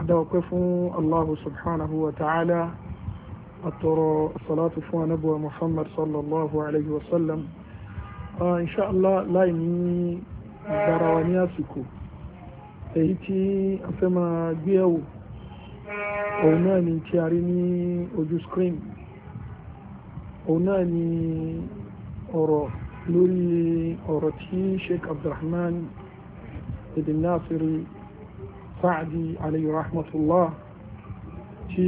dáwọ́pẹ́ fún Allahu subhanahu wa ta'ala àtọ̀rọ̀ salatu fún anábọ̀ Muhammad sallallahu alayhi wa sallam inṣáàlá láì ní ìgbára wa ní àsìkò èyí tí a fẹ́ máa gbé ẹ̀wò òun náà ni tí a rí ní ojú screen òun náà ni ọ̀rọ̀ lórí ọ̀rọ̀ tí Sheikh Abdulrahman ibn Nasiri sáàdì alayhi rahmatullah tí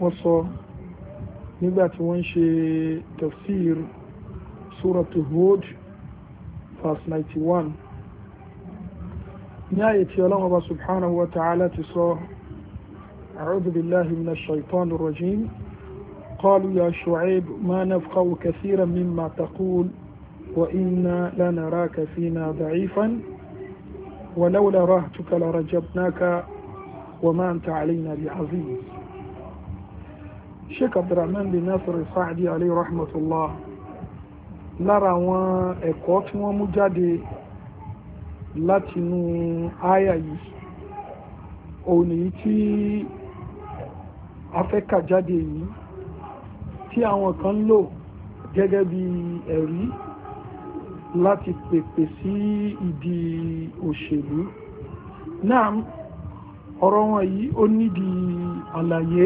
wọ́n sọ nígbà tí wọ́n ṣe tafsir suratu Hud verse 91 ní àyè tí ọlọ́wọ́ bá subhanahu wa ta'ala ti sọ a'udhu billahi minash shaitani rajim قالوا يا شعيب ما نفقه كثيرا مما تقول وإنا لنراك فينا ضعيفا ولولا رهتك لرجبناك وما أنت علينا بعزيز Sheikh Abdulrahman bin Nasir Sa'di alayhi rahmatullah lára àwọn ẹ̀kọ́ tí wọ́n mú jáde látinú àyà yìí òun nìyí tí afẹ́kà jáde yìí tí àwọn kan lò gẹ́gẹ́ bí ẹ̀rí láti pèpè sí ìdí òṣèlú náà ọ̀rọ̀ wọn yìí ó nídìí àlàyé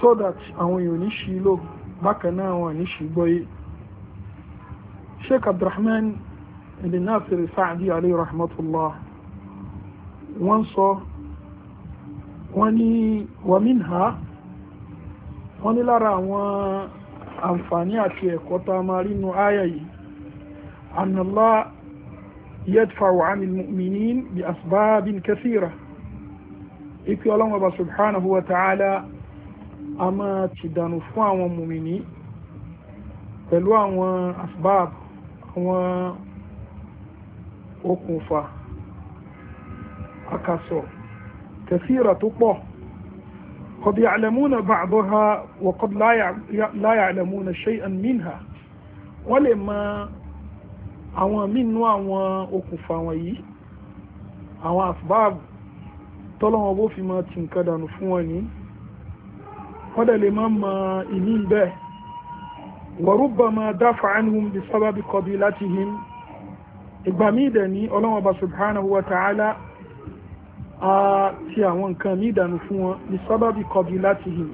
so that àwọn èèyàn ní ṣì bákan náà wọn ní ṣì gbọ́yé sheikh abdulrahman ibn nasir saadi alayhi rahmatullah wọ́n sọ wọ́n ní wàmínà wọ́n ní lára àwọn àǹfààní àti ẹ̀kọ́ tá a máa rí nu àyà yìí ànàlá yẹtfà wà ní mìíní bí asbábin kẹsìrà ipi ọlọ́run ọba subhanahu wa ta'ala a máa ti dànù fún àwọn mùmìnì pẹ̀lú àwọn asbáb àwọn okùnfà akasọ̀ kẹsìrà tó pọ̀. قد يعلمون بعضها وقد لا لا يعلمون شيئا منها wọ́n lè mọ àwọn mínú àwọn okùnfà wọ̀nyí àwọn asbab tọ́lọ́wọ́n bó fi máa ti nǹkan dànù fún wọn ní wọ́n dẹ̀ lè má mọ ìní bẹ́ẹ̀ wa rubbama dafa anhum bi sababi qabilatihim ìgbà míì dẹ̀ ní ọlọ́wọ́n bá subhanahu wa ta'ala àti àwọn nǹkan ní ìdànù fún wọn ní sábàbí kọbi láti hìn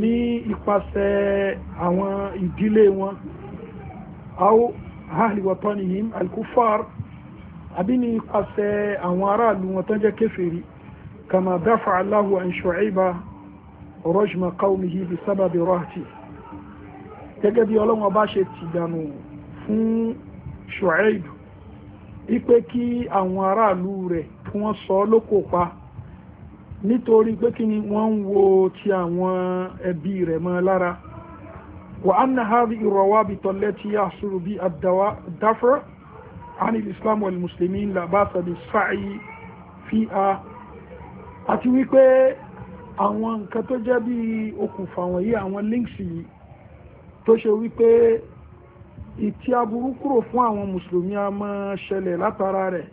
ní ipasẹ̀ àwọn ìdílé wọn aw ahli watanihim alkufar àbí ní ipasẹ̀ àwọn aráàlú wọn tán jẹ́ kèfèrí kama dafa Allahu an Shu'ayba rajma qawmihi bi sábàbí rahti gẹ́gẹ́ bí ọlọ́wọ́n bá ṣe ti dànù fún Shu'ayb ipe kí àwọn aráàlú rẹ̀ kí wọ́n sọ lóko pa nítorí pé kí ni wọ́n ń wo ti àwọn ẹbí rẹ̀ mọ́ lára wà á nà ha rí ìrọ̀wá bí tọ́lẹ̀ tí yà sùrù bí àdáfẹ́ àni islam wal muslimin labasa bí sáàyí fi a àti wípé àwọn nǹkan tó jẹ́ bí okùnfà wọ̀nyí àwọn links yìí tó ṣe wípé ìtí aburú kúrò fún àwọn mùsùlùmí a máa ṣẹlẹ̀ látara rẹ̀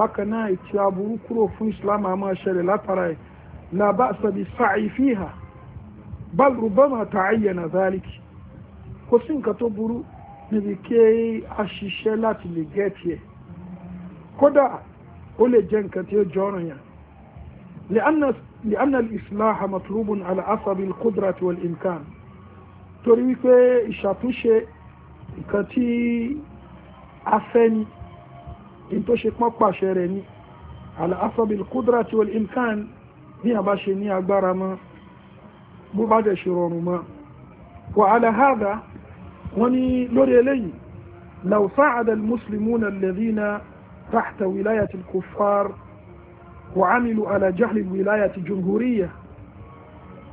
bákan náà ìtì aburú kúrò fún islam a máa ṣẹlẹ̀ látara ẹ̀ la ba'sa bi sa'i fiha bal rubama ta'ayyana zaliki kò sí nǹkan tó burú níbi kí a ṣiṣẹ́ láti lè gẹ́ẹ̀tì ẹ̀ kódà ó lè jẹ́ nǹkan tí ó jọ ọ̀ràn yẹn لأن الإصلاح مطلوب على حسب القدرة والإمكان torí wípé ìṣàtúnṣe nǹkan tí a fẹ́ ni in tó ṣe pọ́n pàṣẹ rẹ̀ ni al-asabil kudrati wal imkan ní àbá ṣe ní agbára mọ́ bó bá dẹ̀ ṣe rọrùn mọ́ wa ala hadha wọ́n ní lórí eléyìí law sa'ada al-muslimuna alladhina tahta wilayati al-kuffar wa amilu ala jahli al-wilayati jumhuriyya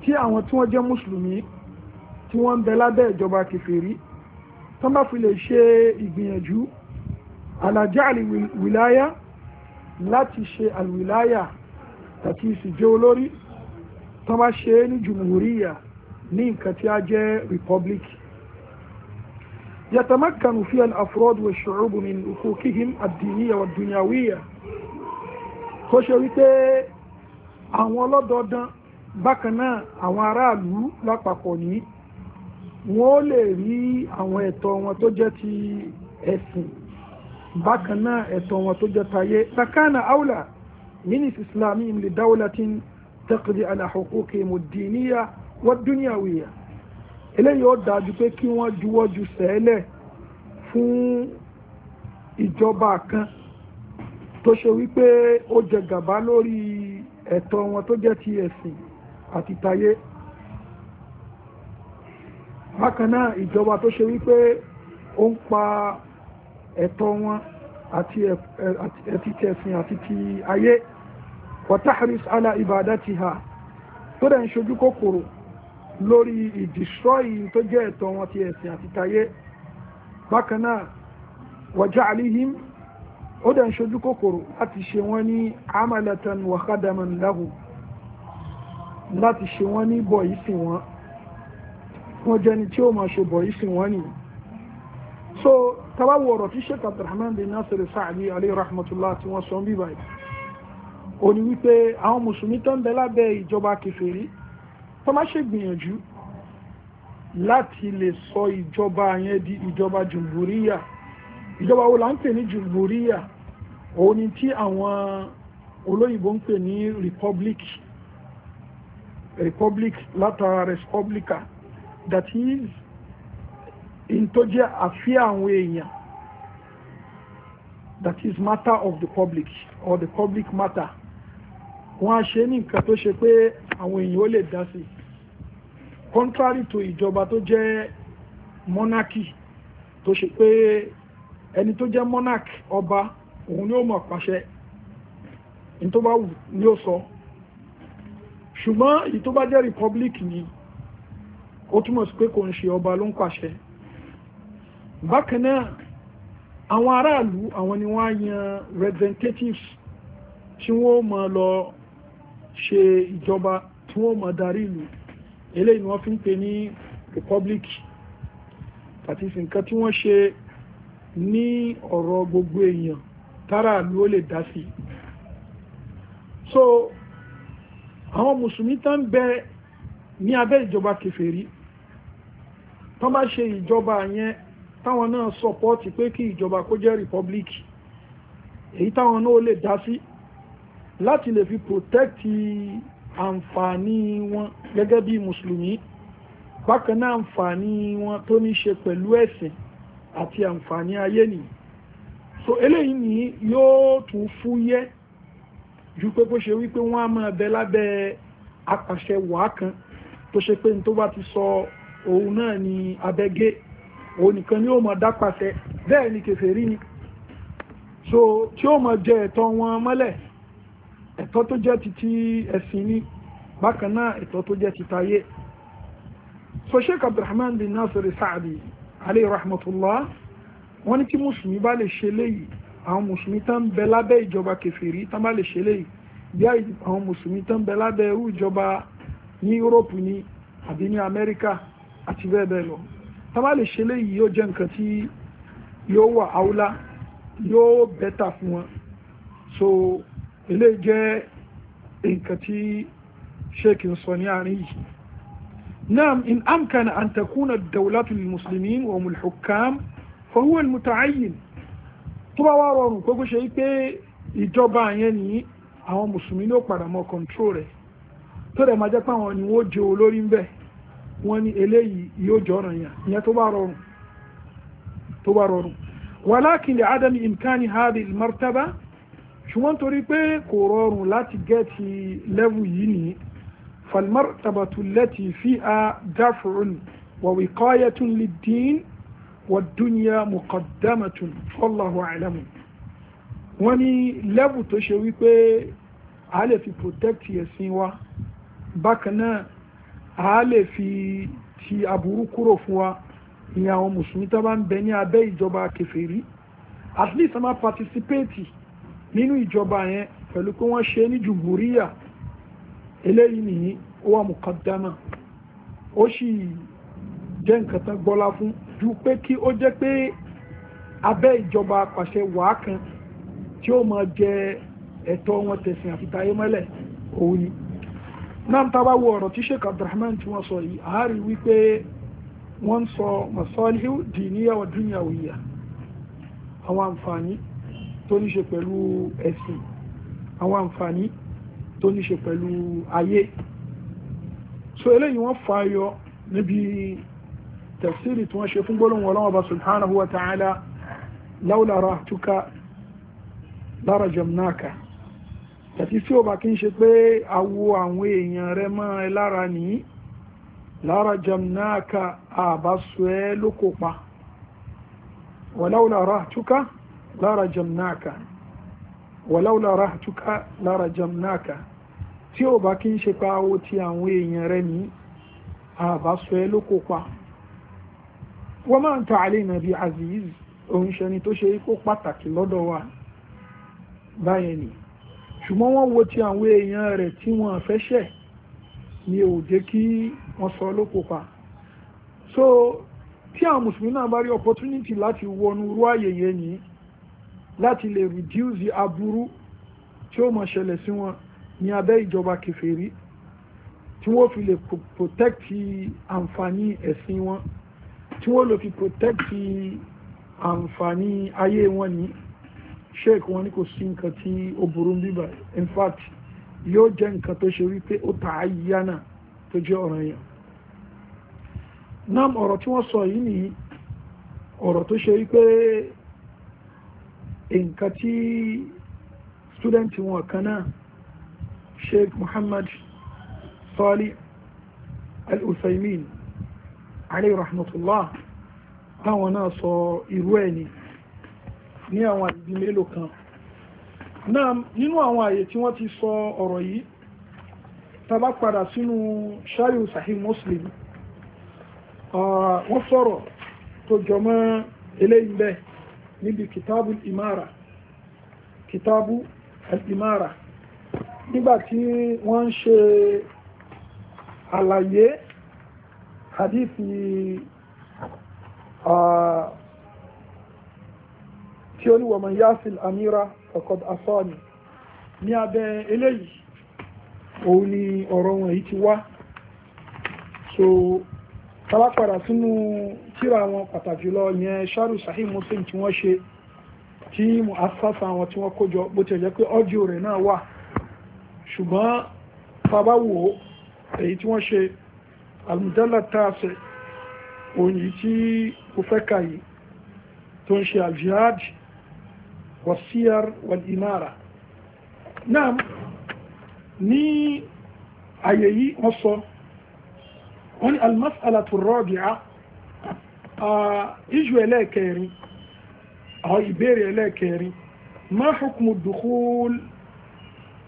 tí àwọn tí wọ́n jẹ́ mùsùlùmí tí wọ́n ń bẹ lábẹ́ ìjọba kèfèrí tán bá fi lè ṣe ìgbìyànjú alájá àlìwìláyà láti ṣe àlìwìláyà àti ìsìnjẹ́ olórí tó bá ṣe é ní jùmùhúríyà ní nǹkan tí a jẹ́ republic يتمكن فيها الأفراد والشعوب من حقوقهم الدينية والدنيوية kó ṣe wípé àwọn ọlọ́dọọdán bákan náà àwọn aráàlú lápapọ̀ ní wọ́n lè rí àwọn ẹ̀tọ́ wọn tó jẹ́ ti ẹ̀sìn bákan náà ẹ̀tọ́ wọn tó jẹ́ tayé takana aula minis islami li dawlatin taqdi ala huquqi mudiniya wa dunyawiya eléyìí ó dájú pé kí wọ́n juwọ́ ju sẹ́lẹ̀ fún ìjọba kan tó ṣe wípé ó jẹ gàba lórí ẹ̀tọ́ wọn tó jẹ́ ti ẹ̀sìn àti tayé bákan náà ìjọba tó ṣe wípé ó ń pa ẹ̀tọ́ wọn àti ẹ̀tìtẹ̀sìn àti ti ayé wàtàhàrís ala ibadatiha tó dẹ̀ ń ṣojú kòkòrò lórí ìdìṣọ́yì tó jẹ́ ẹ̀tọ́ wọn ti ẹ̀sìn àti tayé bákan náà wàjá àlíhìm ó dẹ̀ ń ṣojú kòkòrò láti ṣe wọ́n ní amalatan wa khadaman lahu láti ṣe wọ́n ní bọ̀yì sí wọn wọ́n jẹ́ni tí ó máa ṣe bọ̀yì sí wọn nìyí so tàbá wo ọ̀rọ̀ tí sheikh abdulrahman bin nasir sa'adi alayhi rahmatullah tí wọ́n sọ ń bíbá yìí ó ní wípé àwọn mùsùlùmí tó ń bẹ lábẹ́ ìjọba kèfèrí tó má ṣe gbìyànjú láti lè sọ ìjọba yẹn di ìjọba jùmbúríyà ìjọba wo là ń pè ní jùmbúríyà òun ni tí àwọn olóyìnbó ń pè ní republic republic látara respublica that is in tó jẹ́ àfíà àwọn that is matter of the public or the public matter wọ́n á ṣe ní nǹkan tó ṣe pé àwọn èèyàn ó lè dá contrary to ìjọba tó jẹ́ monarchy tó ṣe pé ẹni tó jẹ́ monarch ọba òun ni ó mọ̀ pàṣẹ ní tó bá wù ni ó sọ ṣùgbọ́n èyí tó bá jẹ́ republic ni ó túmọ̀ sí pé kò ń ṣe ọba ló ń pàṣẹ bákan náà àwọn aráàlú àwọn ni wọ́n á yan representatives tí wọ́n máa lọ ṣe ìjọba tí wọ́n máa darí ìlú eléyìí ni wọ́n fi ń pè ní republic àti nǹkan tí wọ́n ṣe ní ọ̀rọ̀ gbogbo èèyàn táráàlú ó lè dá sí so àwọn mùsùlùmí tó ń bẹ ní abẹ́ ìjọba kèfèrí tó bá ṣe ìjọba yẹn táwọn náà sọpọ́ọ̀tì pé kí ìjọba kó jẹ́ republic èyí táwọn náà lè dá sí láti lè fi protecti àǹfààní wọn gẹ́gẹ́ bí mùsùlùmí bákan náà àǹfààní wọn tó ní ṣe pẹ̀lú ẹ̀sìn àti àǹfààní ayé nìyí so eléyìí ni yóò tún fúyẹ́ ju pé bó ṣe wípé wọ́n á máa bẹ lábẹ́ apàṣẹ wàá kan tó ṣe pé ní tó bá ti sọ òun náà ni abẹ́gẹ́ òun nìkan ni ó mọ̀ dápàṣẹ bẹ́ẹ̀ ni kèfèrí ni so tí ó mọ̀ jẹ ẹ̀tọ́ wọn mọ́lẹ̀ ẹ̀tọ́ tó jẹ́ ti ti ni bákan náà ẹ̀tọ́ tó jẹ́ ti tayé so sheikh abdulrahman bin nasir saadi alayhi rahmatullah wọ́n ní tí mùsùlùmí bá lè ṣe léyìí àwọn mùsùlùmí tán bẹ lábẹ́ ìjọba kèfèrí tán bá lè ṣe léyìí bí àwọn mùsùlùmí tán bẹ lábẹ́ ìjọba ní yúróòpù ní àbí ní amẹ́ríkà àti bẹ́ẹ̀ bẹ́ẹ̀ lọ tọ́bá lè ṣe léyìí yóò jẹ́ nǹkan tí yóò wà áúlá yóò bẹ́tà fún wọn so ilé jẹ́ nǹkan tí sheikh ń sọ ní àárín yìí نعم إن أمكن أن تكون الدولة للمسلمين وهم الحكام فهو المتعين طبعا وارون كوكو شيء ìjọba yẹn ni àwọn mùsùlùmí ló padà mọ́ kọ̀ǹtró rẹ̀ tó dẹ̀ máa jẹ́ pé àwọn ni wọ́n jẹ́ olórí ń wọ́n ní eléyìí yóò jọ́ràn yàn ìyẹn tó bá rọrùn tó bá rọrùn wàlákin lè ádámì ìmkáni hadi martaba ṣùgbọ́n torí pé kò rọrùn láti gẹ́ẹ̀tì lẹ́wù yìí nìyí فالمرتبة التي فيها دفع ووقاية للدين والدنيا مقدمة والله أعلم wani lẹ́bù tó ṣe wípé a lè fi protect ẹ̀sìn wa bákan náà a lè fi ti aburú kúrò fún wa ìyẹn àwọn mùsùlùmí tó bá ń bẹ ní abẹ́ ìjọba kèfèrí at least a máa participate nínú ìjọba yẹn pẹ̀lú pé wọ́n ṣe ní jùbúríyà eléyìí nìyí ó wà mùkàdámà ó sì jẹ́ nǹkan tán gbọ́lá fún ju pé kí ó jẹ́ pé abẹ́ ìjọba apàṣẹ wàá kan tí ó máa jẹ ẹ̀tọ́ wọn tẹ̀sìn àfitayé mọ́lẹ̀ òun ni náà tá a bá wo ọ̀rọ̀ tí sheikh abdulrahman tí wọ́n sọ yìí àárí wípé wọ́n sọ masalihu diniya wa dunyawiya àwọn àǹfààní tó ní ṣe pẹ̀lú ẹ̀sìn àwọn àǹfààní tó ní ṣe pẹ̀lú ayé so eléyìí wọ́n fà yọ níbi tafsiri tí wọ́n ṣe fún gbólóhùn ọlọ́wọ́ bá subhanahu wa ta'ala lawla rahtuka larajamnaka tàbí tí ó bá kí ń ṣe pé awo àwọn èèyàn rẹ mọ́ ẹ lára ní lára jamnaka àbáṣọ ẹ ló kópa wàláwùlà ràtúkà lára jamnaka wàláwùlà ràtúkà lára jamnaka tí ó bá kí ń ṣe pé awo ti àwọn èèyàn rẹ ní àbáṣọ ẹ ló kópa wọ́n máa ń ta àlè nàbí aziz òun tó ṣe kó pàtàkì lọ́dọ̀ wa báyẹn nìyí ṣùgbọ́n wọ́n wo ti àwọn èèyàn rẹ̀ tí wọ́n fẹ́ ni ò jẹ́ kí wọ́n sọ lóko pa so tí àwọn mùsùlùmí náà bá rí opportunity láti wọnú irú àyè yẹn yìí láti lè reduce aburú tí ó mọ̀ ṣẹlẹ̀ sí wọn ní abẹ́ ìjọba kèfèrí tí wọ́n fi lè protect àǹfààní ẹ̀sìn wọn tí wọ́n lè fi protect àǹfààní ayé wọn nìyí sheik wọn ni kò sí nǹkan tí ó in fact yóò jẹ́ nǹkan tó ṣe wípé ó ta ayáná tó jẹ́ ọ̀ràn yẹn nam ọ̀rọ̀ tí wọ́n sọ yìí ni ọ̀rọ̀ tó ṣe wípé nǹkan tí stúdẹ̀ntì wọn kan náà sheik muhammad salih al-usaimin alayhi rahmatullah táwọn náà sọ irú ẹ̀ ni ní àwọn àyè mélòó kan náà nínú àwọn àyè tí wọ́n ti sọ ọ̀rọ̀ yìí tàbá padà sínú ṣáyò Sahih Muslim wọ́n sọ̀rọ̀ tó jọmọ́ eléyìí bẹ́ẹ̀ níbi kìtàbù ìmára kìtàbù ìmára nígbàtí wọ́n ń ṣe àlàyé hadithi tí ó ní wọ̀mọ̀ yásil amira ọ̀kọ̀d asọ́ni ní abẹ́ eléyìí òun ni ọ̀rọ̀ wọn yìí ti wá so talápadà sínú tíra wọn pàtàkì lọ yẹn sharu sahih muslim tí wọ́n ṣe tí mo asasa wọn tí wọ́n kójọ bó ti jẹ́ pé ọ́díò rẹ̀ náà wà ṣùgbọ́n bàbá wò ó èyí tí wọ́n ṣe almudala taasẹ̀ òun yìí tí mo fẹ́ kà tó ń ṣe aljihad والسير والإمارة نعم ني أيي مصر هنا المسألة الرابعة إجوا لا كيري أو إبيري لا كيري ما حكم الدخول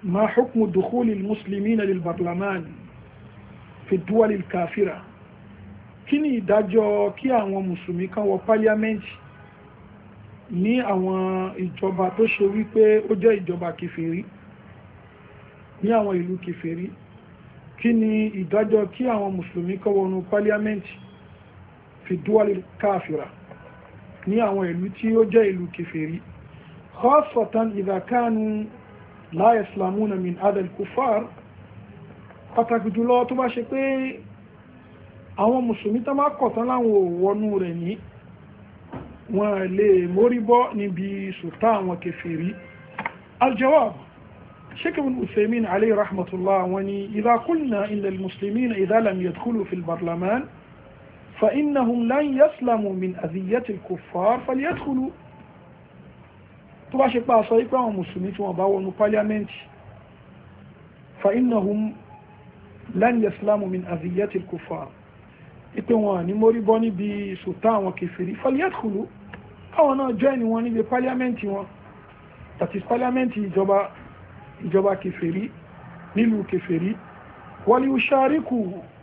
ما حكم دخول المسلمين للبرلمان في الدول الكافرة كني داجو ìdájọ́ kí àwọn mùsùlùmí kan ní àwọn ìjọba tó ṣe wípé ó jẹ́ ìjọba kìfèrí ní àwọn ìlú kìfèrí kí ni ìdájọ́ kí àwọn mùsùlùmí kó wọnú pálíámẹ́ǹtì fi dúwálé káàfìrà ní àwọn ìlú tí ó jẹ́ ìlú kìfèrí khasatan idha kanu la yaslamuna min adal kufar pàtàkì jùlọ tó bá ṣe pé àwọn mùsùlùmí tó máa kọ̀tán láwọn ò rẹ̀ ní wọn lè móríbọ́ níbi sùtá àwọn kẹfẹ́rí aljawab شيخ ابن عثيمين عليه رحمة الله وني إذا قلنا إن المسلمين إذا لم يدخلوا في البرلمان فإنهم لن يسلموا من أذية الكفار فليدخلوا طبعا شيخ بقى صحيح بقى مسلمين بقى البرلمانت فإنهم لن يسلموا من أذية الكفار ipe wọn ní mórí bọ́ níbi ìṣòtá àwọn kẹfìrí fàlíyàtùkùlù káwọn náà join wọn níbi pálíámẹ́ǹtì wọn that is pálíámẹ́ǹtì ìjọba ìjọba kẹfìrí nílùú kẹfìrí wọlé ṣàríkù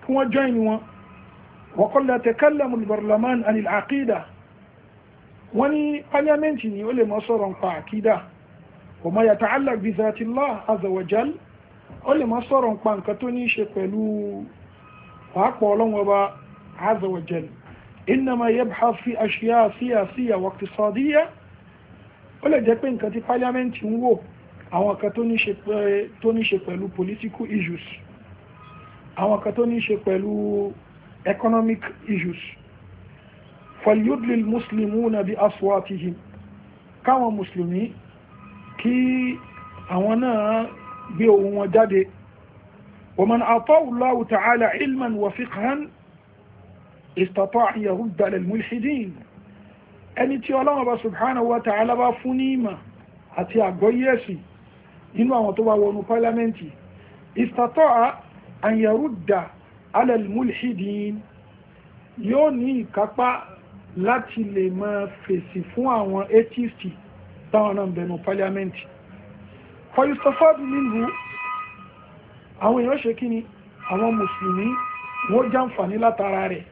kí wọ́n join wọn wọ́kọ́ látẹ̀kálà mùlùbàrùlámán àni àkídà wọ́n ní pálíámẹ́ǹtì ni ó lè mọ́ sọ̀rọ̀ nípa àkídà wọ́n máa yàtọ̀ alágbèbí zatilá azawajal عز وجل إنما يبحث في أشياء سياسية واقتصادية ó lè jẹ́ pé nǹkan tí pálíámẹ́ǹtì ń wò àwọn kan tó ní ṣe pẹ̀lú political issues àwọn kan tó ní ṣe pẹ̀lú economic issues falyudlil muslimuna bi aswatihim káwọn mùsùlùmí kí àwọn náà gbé ohùn wọn jáde wa man ata'u Allahu ta'ala ilman wa fiqhan استطاع يرد dalil mulhidin ẹni tí ọlọ́run ọba subhanahu wa ta'ala bá fún ní ìmọ̀ àti àgbọ́yé ẹ̀sìn nínú àwọn tó bá wọnú pálíámẹ́ǹtì istata an yarudda alal mulhidin yóò ní ìkápá láti lè máa fèsì fún àwọn atheist táwọn náà bẹnu pálíámẹ́ǹtì fayustafad àwọn èèyàn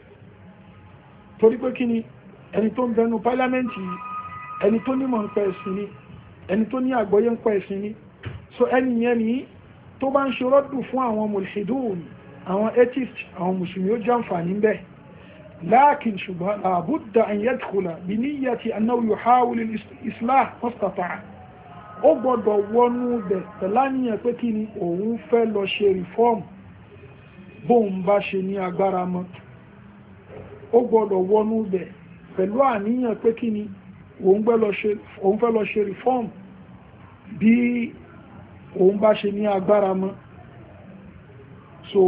torí pé kí ni ẹni tó ń bẹnu pálámẹ́ǹtì yìí ẹni tó nímọ̀ ń pẹ́ ẹ̀sìn ni ẹni tó ní àgbọ́yé ń pẹ́ ẹ̀sìn ni so ẹni yẹn ni tó bá ń ṣe rọ́dù fún àwọn mulhidun àwọn atheist àwọn mùsùlùmí ó jàǹfààní ń bẹ̀ láàkìn ṣùgbọ́n làbúdà an yadkhula bí níyàtì annahu yuhawil islah mustata'a ó gbọ́dọ̀ wọnú bẹ̀ pẹ̀láníyàn pé kí ni òun fẹ́ lọ ṣe reform bóun bá ṣe ní agbára mọ́ ó gbọ́dọ̀ wọnú bẹ̀ pẹ̀lú àníyàn pé kí ni òun fẹ́ lọ ṣe reform bí òun bá ṣe ní agbára mọ́ so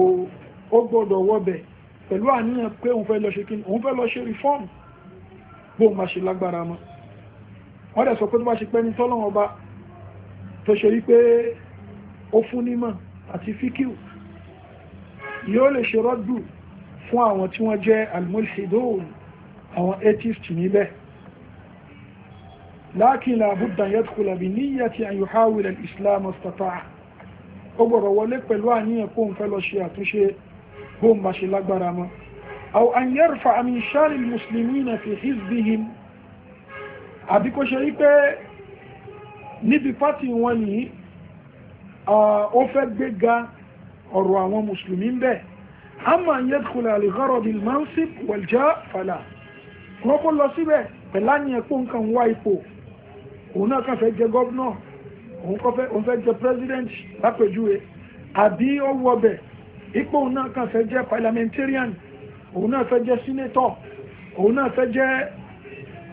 ó gbọ́dọ̀ wọ́bẹ̀ pẹ̀lú àníyàn pé òun fẹ́ lọ ṣe kí ni òun fẹ́ lọ ṣe reform bóun bá ṣe lágbára mọ́ wọ́n dẹ̀ sọ pé tó bá ṣe pẹ́ ní tọ́lọ́wọ́n bá tó ṣe rí pé ó fún nímọ̀ àti fíkíù yóò lè ṣe rọ́dù fún àwọn tí wọ́n jẹ́ almulhidun àwọn atheist níbẹ̀ lakin labudda yadkhula bi niyyati an yuhawila al-islam istata'a ó gbọ́dọ̀ wọlé pẹ̀lú àníyàn kó n fẹ́ lọ ṣe àtúnṣe bó ń bá ṣe lágbára mọ́ aw an yarfa min shari al fi hizbihim àbí kó ṣe rí níbi pátì wọn yìí ó fẹ́ gbéga ọ̀rọ̀ àwọn mùsùlùmí bẹ́ẹ̀ àmọ́ yẹ́dùkúlẹ̀ àlùkọ́rọ̀ bíi mansip wọ̀ljá fàlà wọ́n kó lọ síbẹ̀ pẹ̀lá ní ẹ̀pọ̀ nǹkan wá ipò òun náà kàn fẹ́ jẹ gọ́vnọ̀ òun fẹ́ jẹ president lápèjúwe àbí ó wọ bẹ̀ ipò òun náà kàn fẹ́ jẹ parliamentarian òun náà fẹ́ jẹ senator òun náà fẹ́ jẹ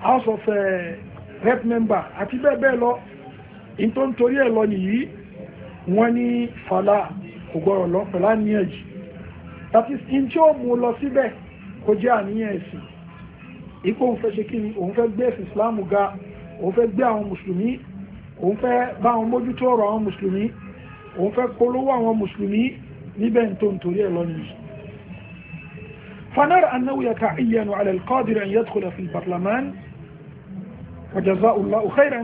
house of uh, rep member àti bẹ́ẹ̀ bẹ́ẹ̀ lọ nítorí ẹ̀ lọ nìyí wọ́n ní fàlà kò gbọ́rọ̀ lọ pẹ̀lá ní ẹ̀jì that is in tí ó mú lọ síbẹ̀ kò jẹ́ àníyàn ẹ̀sìn ipò òun fẹ́ ṣe kí ni òun fẹ́ gbé ẹ̀sìn islam ga òun fẹ́ gbé àwọn mùsùlùmí òun fẹ́ bá àwọn mójútó ọ̀rọ̀ àwọn mùsùlùmí òun fẹ́ polówó àwọn mùsùlùmí níbẹ̀ ń tó nítorí ẹ̀ lọ́nìí فنرى أنه يتعين على القادر أن يدخل في البرلمان وجزاء الله خيرا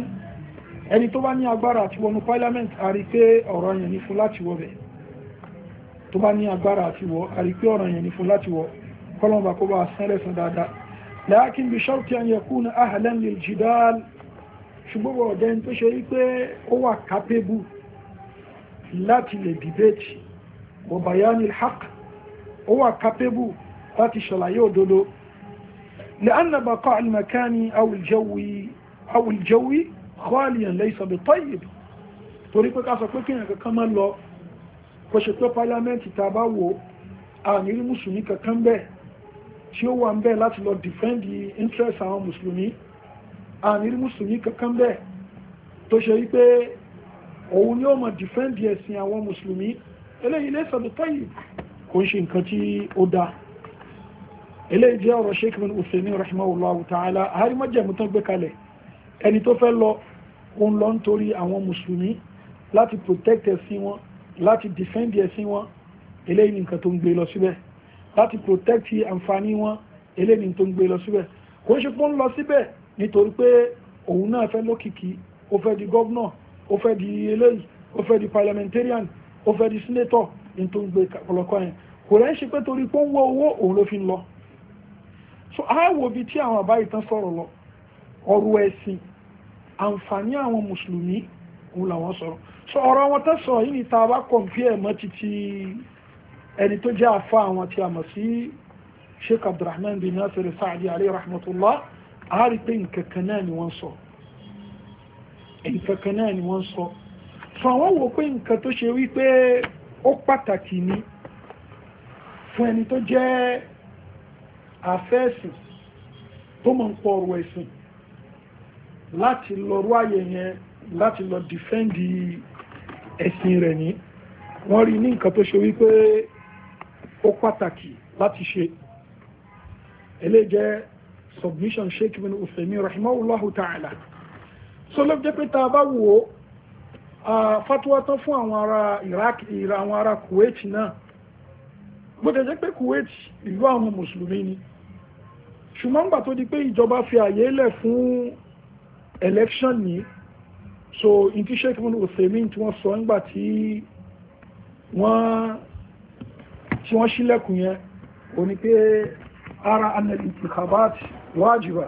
يعني طبعا يا بارات ونو بارلمان أريكي أورانيا نفلاتي وبيه tó bá ní agbára àti wọ àríkí ọ̀ràn yẹn ni fún láti wọ kọlọmọba kó bá sẹ́rẹ̀ sàn dáadáa láàkín bí ṣọ́ọ̀tì an yakuna ahlan lil jidal ṣùgbọ́n wọ̀ ọ̀dẹ́ni tó ṣe rí pé ó wà kápébù láti lè dìbẹ́tì wa bayanil haqq ó wà kápébù láti ṣàlàyé òdodo لأن بقاء المكان أو الجو أو الجو خاليا ليس بطيب torí pé ká sọ pé bó ṣe tó pálámẹ́ǹtì tá a bá wò á nírí mùsùlùmí kankan bẹ́ẹ̀ tí ó wà ń bẹ́ẹ̀ láti lọ dìfẹ́ǹdì interest àwọn mùsùlùmí á nírí mùsùlùmí kankan bẹ́ẹ̀ tó ṣe wípé òun ni ó mọ̀ dìfẹ́ǹdì ẹ̀sìn àwọn mùsùlùmí eléyìí lẹ́sọ̀ tó tẹ́yì kò ń ṣe nǹkan tí ó da eléyìí jẹ́ ọ̀rọ̀ sheikh bin Uthaymin rahimahullahu ta'ala àhárí mọ́jẹ̀mú tán gbé kalẹ̀ ẹni tó fẹ́ lọ òun lọ nítorí àwọn mùsùlùmí láti protect ẹ̀sìn wọn láti defend ẹ̀sìn wọn eléyìí ni nǹkan tó ń gbé lọ síbẹ̀ láti protect àǹfààní wọn eléyìí ni tó ń gbé lọ síbẹ̀ kò ń ṣe pé lọ síbẹ̀ nítorí pé òun náà fẹ́ lókìkí ó fẹ́ di gọ́vnà ó fẹ́ di eléyìí ó fẹ́ di parliamentarian ó fẹ́ di senator ní tó ń gbé ọlọ́kọ́ yẹn kò rẹ̀ ń ṣe pé torí pé ó ń wọ owó òun ló fi ń lọ so àáwò bíi tí àwọn àbá ìtàn sọ̀rọ̀ lọ ọ̀rọ̀ ẹ̀sìn àǹfààní àwọn mùsùlùmí òun làwọn sọ̀rọ̀ so ọ̀rọ̀ wọn tó sọ yìí ni tá a bá compare mọ́ títí ẹni tó jẹ́ àfa àwọn tí a mọ̀ sí sheikh abdulrahman bin nasir saadi alayhi rahmatullah a rí pé nǹkan kan náà ni wọ́n sọ nǹkan kan náà ni wọ́n sọ fún àwọn wò pé nǹkan tó ṣe wípé ó pàtàkì ni fún ẹni tó jẹ́ àfẹ́sìn tó mọ̀ ń pọ̀ ọ̀rọ̀ ẹ̀sìn láti lọ rú àyè yẹn láti lọ dìfẹ́ǹdì ẹ̀sìn rẹ̀ ní wọ́n rí ní nǹkan tó ṣe wípé ó pàtàkì láti ṣe ilé submission sheikh bin Uthaymi rahimahullahu ta'ala so ló jẹ́ pé tá a bá wò ó fatuwa tán fún àwọn ará Iraq ìra àwọn ará Kuwait náà bó ti jẹ́ pé Kuwait ìlú àwọn mùsùlùmí ni ṣùgbọ́n gbà tó di pé ìjọba fi àyè lẹ̀ fún election ní so in ti sheikh mun uthaymin tí wọ́n sọ nígbà tí wọ́n tí wọ́n ṣílẹ̀kùn yẹn ó ní ara anna al-intikhabat wajiba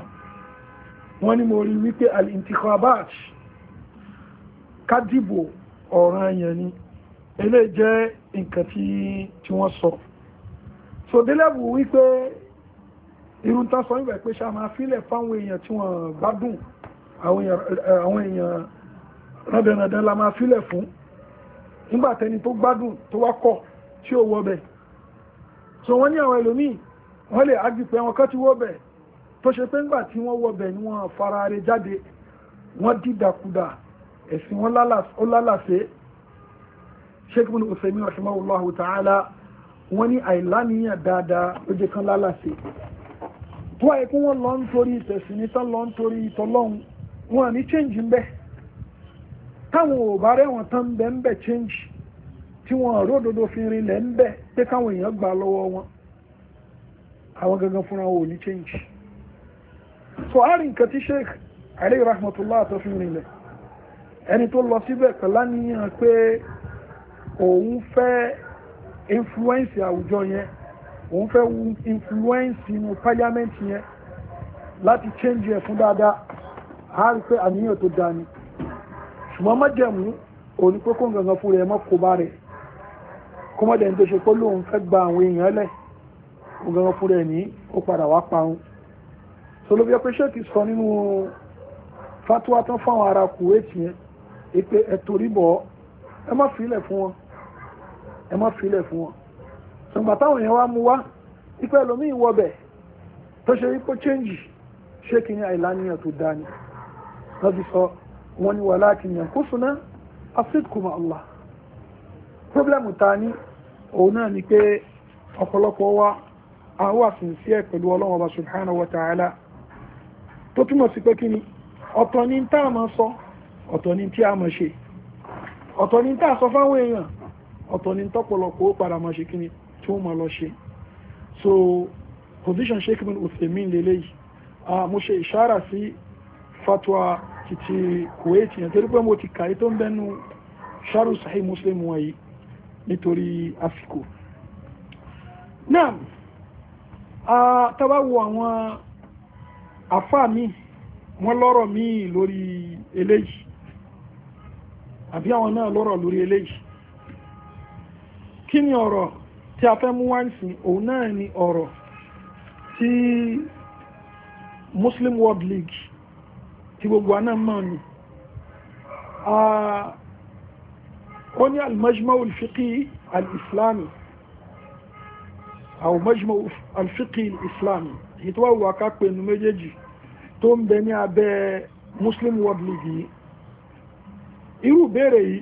wọ́n ní mo rí wípé al-intikhabat kádìbò ọ̀ràn yẹn ni eléyìí jẹ́ nǹkan tí wọ́n sọ so délẹ́bù wípé irun tán sọ nígbà pé ṣáà máa fílẹ̀ fáwọn èèyàn tí wọ́n gbádùn àwọn èèyàn rọ́dẹ̀rẹ̀dẹ̀ la máa fílẹ̀ fún nígbàtẹni tó gbádùn tó wá kọ̀ tí ó wọ́bẹ̀ so wọ́n ní àwọn ẹlòmíì wọ́n lè agbègbè wọn kọ́ ti wọ́bẹ̀ tó ṣe pé ńgbà tí wọ́n wọ́bẹ̀ ni wọ́n fara rẹ jáde wọ́n dídàkudà ẹ̀sìn wọn ó lálàsẹ́ Sheikh Ibn Uthaymeen ta'ala wọ́n ní àìláníyàn dáadáa ló jẹ́ kán lálàsẹ́ tó wáyé kí wọ́n lọ ń torí wọn ní change ń táwọn ò bá rẹ́wọ̀n tán ń bẹ ń bẹ change tí wọn ródòdó fi rinlẹ̀ ń bẹ pé káwọn èèyàn gbà lọ́wọ́ wọn àwọn gangan fúnra wọn ò ní change so àárín nǹkan tí sheikh alayhi rahmatullah tó fi rinlẹ̀ ẹni tó lọ síbẹ̀ pẹ̀lá níyàn pé òun fẹ́ influence àwùjọ yẹn òun fẹ́ influence inú parliament yẹn láti change ẹ̀ fún dáadáa àárín pé àníyàn tó dáa ṣùgbọ́n mọ́jẹ̀mú òní pé kó nǹkan kan fún rẹ̀ mọ́ kó bá rẹ̀ kó mọ́jẹ̀ ní tó ṣe pé lóun fẹ́ gba àwọn èèyàn lẹ̀ kó nǹkan kan fún rẹ̀ ní ó padà wá parun tolóbi ọpẹ ṣé ti sọ nínú fatuwa tán fáwọn ará Kuwait yẹn èpè ẹ̀tọ́ rí ẹ má filẹ̀ fún wọn ẹ má filẹ̀ fún wọn ṣùgbọ́n táwọn èèyàn wá mú wá ipe ẹlòmíín wọbẹ̀ tó ṣe ipò change ṣé kí ni àìláníyàn tó dání lọ́bi sọ wọ́n ní walakin yankusuna asidkuma Allah problem ta ni òun náà ni pé ọ̀pọ̀lọpọ̀ wa àwọn àsìnsí ẹ̀ pẹ̀lú ọlọ́run ọba subhanahu wa ta'ala tó túmọ̀ sí pé kí ni ọ̀tọ̀ ni tá a sọ ọ̀tọ̀ ni tí a máa ṣe ọ̀tọ̀ ni tá sọ fáwọn èèyàn ọ̀tọ̀ ni tọ́pọ̀lọpọ̀ ó padà máa ṣe kí tí wọ́n máa lọ ṣe so position sheikh bin Uthaymin lélẹ́yìí ah, mo ṣe ìṣára sí fatwa títí kuwait yẹn torí pé mo ti kàyí tó ń bẹnu sharu sahih muslim wọ̀nyí nítorí àsìkò náà tàbá wo àwọn àfáà mi wọ́n lọ́rọ̀ míì lórí eléyìí àbí àwọn náà lọ́rọ̀ lórí eléyìí kí ni ọ̀rọ̀ a fẹ́ mú wá nísìn òun náà ni ọ̀rọ̀ tí Muslim World League tí gbogbo aná mọ́ ni ó ní al-majma al-fiqhi al-islami àwọn majma al-fiqhi al-islami èyí tó wà wà ká pè nù méjèèjì tó ń bẹ ní abẹ́ muslim world league yìí irú béèrè yìí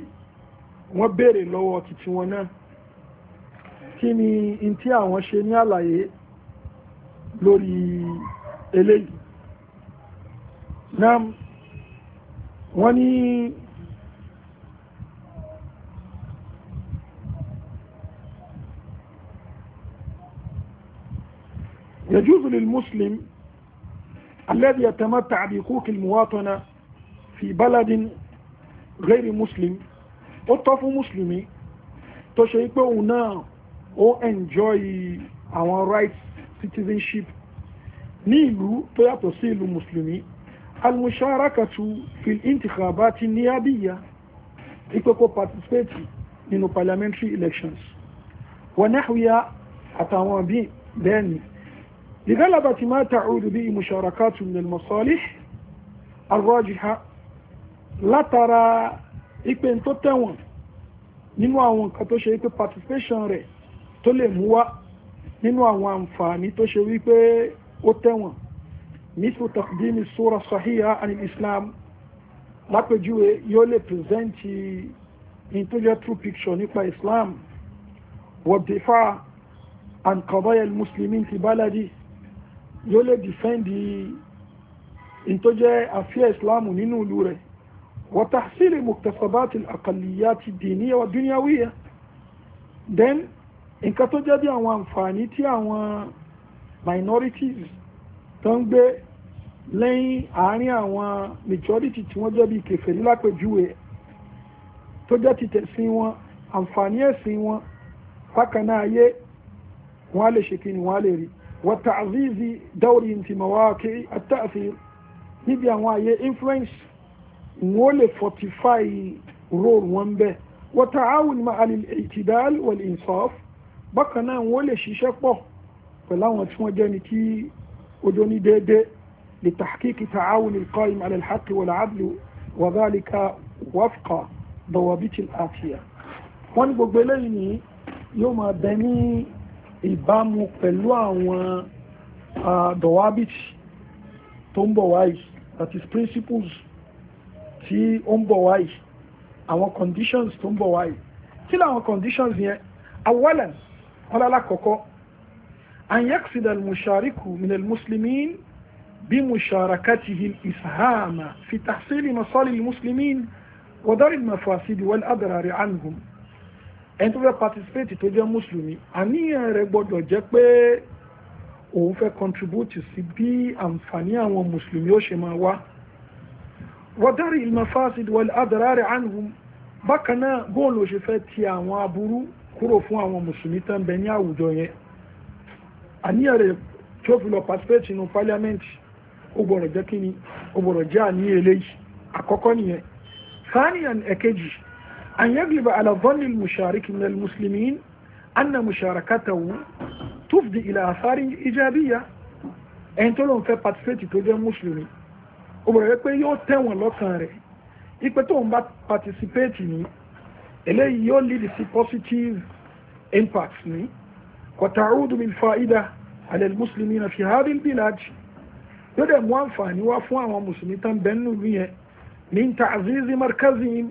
wọ́n béèrè lọ́wọ́ títí wọn náà kí ni in tí àwọn ṣe ní àlàyé lórí eléyìí náà wọ́n ní يجوز للمسلم الذي يتمتع بحقوق المواطنة في بلد غير مسلم ó tọ́ fún mùsùlùmí tó ṣe pé òun náà ó enjoy àwọn rights citizenship ní ìlú tó yàtọ̀ sí ìlú mùsùlùmí almusharakatu fil intikhabati niyabiya ipe kó participate nínú parliamentary elections wa nahwiya àtàwọn bíi bẹ́ẹ̀ ni لغلبة ما تعود به مشاركات من المصالح الراجحة لا ترى ìpín tó tẹ̀wọ̀n nínú àwọn nǹkan tó ṣe wípé participation rẹ̀ tó lè mú wá nínú àwọn àǹfààní tó ṣe wípé ó مثل تقديم الصورة الصحيحة عن الإسلام lápèjúwe yóò lè pírẹsẹ́ǹtì interior true picture nípa islam wọ́dìfà and kọ̀bọ́yẹ̀ muslimin ti báládì yóò lè dìfẹ́ǹdì intojẹ́ àfíà islam nínú ìlú rẹ̀ wọ́tàṣílì mùktasabati àkàlìyà ti dìníyà wà dúníyàwíyà then nǹkan tó jẹ́ bí àwọn àǹfààní tí àwọn minorities tó ń gbé lẹ́yìn àárín àwọn majority tí wọ́n jẹ́ bíi kèfèrí lápèjúwe tó jẹ́ títẹ̀sìn wọn àǹfààní ẹ̀sìn wọn bákan náà ayé wọn á lè ṣe kí ni wọn á lè rí wàtàzízi dáwòrì ntì mọ̀wáàkì àtàfíì níbi àwọn ayé influence wọn lè fortify role wọn bẹ́ẹ̀ wàtàáwùn ma alil ìtìdáàl wal insaf bákan náà wọn lè ṣiṣẹ́ pọ̀ pẹ̀lú àwọn tí wọ́n jẹ́ ni kí ojú ní déédéé. لتحقيق تعاون القائم على الحق والعدل وذلك وفق ضوابط الآتية wọ́n ní gbogbo eléyìí ni yóò máa bẹ ní ìbámu pẹ̀lú àwọn dọ̀wábìt tó ń bọ̀ wáyìí that is principles tí ó ń bọ̀ wáyìí àwọn conditions tó ń bọ̀ wáyìí kí làwọn conditions yẹn awalan ọlọ́lá kọ̀kọ́ an yaxidal mushariku muslimin بمشاركته الإسهام في تحصيل مصالح المسلمين ودرء المفاسد والأضرار عنهم ẹni tó fẹ́ participate tó jẹ́ mùsùlùmí àníyàn rẹ̀ gbọ́dọ̀ jẹ́ pé òun fẹ́ contribute sí bí àǹfààní àwọn mùsùlùmí ó ṣe máa wá wọ́dárì ilmafasid wal adrari anhum bákan náà góòlù ṣe fẹ́ ti àwọn aburú kúrò fún àwọn mùsùlùmí tán bẹ ní àwùjọ yẹn àníyàn rẹ̀ tó fi lọ participate nínú parliament ó gbọ́dọ̀ jẹ́ kíni ó gbọ́dọ̀ jẹ́ àní eléyìí àkọ́kọ́ nìyẹn thaniyan èkejì an yagliba ala dhanni al-mushariki min al-muslimin anna musharakatahu tufdi ila athari ijabiyya ẹni tó lóun fẹ́ patiféètì tó jẹ́ mùsùlùmí ó gbọ́dọ̀ jẹ́ pé yóò tẹ̀wọ̀n lọ́kàn rẹ̀ ipe tóun bá patiféètì ní eléyìí yóò lead sí positive impacts ní kọ̀tàrúdùmí fa'ida ala al-muslimina fi hadhihi al yóò dẹ̀ mú àǹfààní wá fún àwọn mùsùlùmí tán bẹ́ẹ̀ nínú yẹn ní ta'zizi markazihim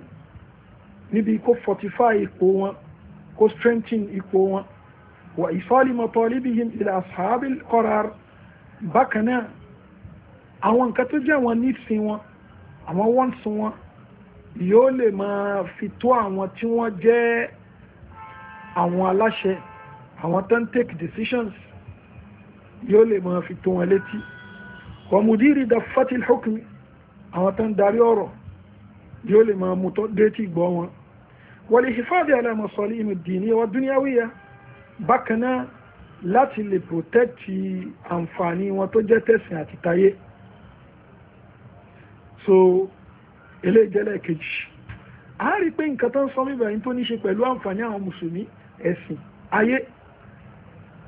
níbi kó fortify ipò wọn kó strengthen ipò wọn wà ìsọ́lì matalibihim ila ashabil qarar bákan náà àwọn nǹkan tó jẹ́ àwọn nífin wọn àwọn wants wọn yóò lè máa fi tó àwọn tí wọ́n jẹ́ àwọn aláṣẹ àwọn take decisions yóò lè máa fi wọn létí wa mudiri dafati hukmi àwọn tó ń ما ọ̀rọ̀ yóò lè máa mú déètì gbọ́ wọn wal hifadhi ala masalimi diniya wa dunyawiya bákan so eléyìí jẹ́lẹ̀ kejì a rí pé nǹkan tó ń sọ bíbẹ̀ yìí tó ní ṣe pẹ̀lú àǹfààní àwọn mùsùlùmí ẹ̀sìn ayé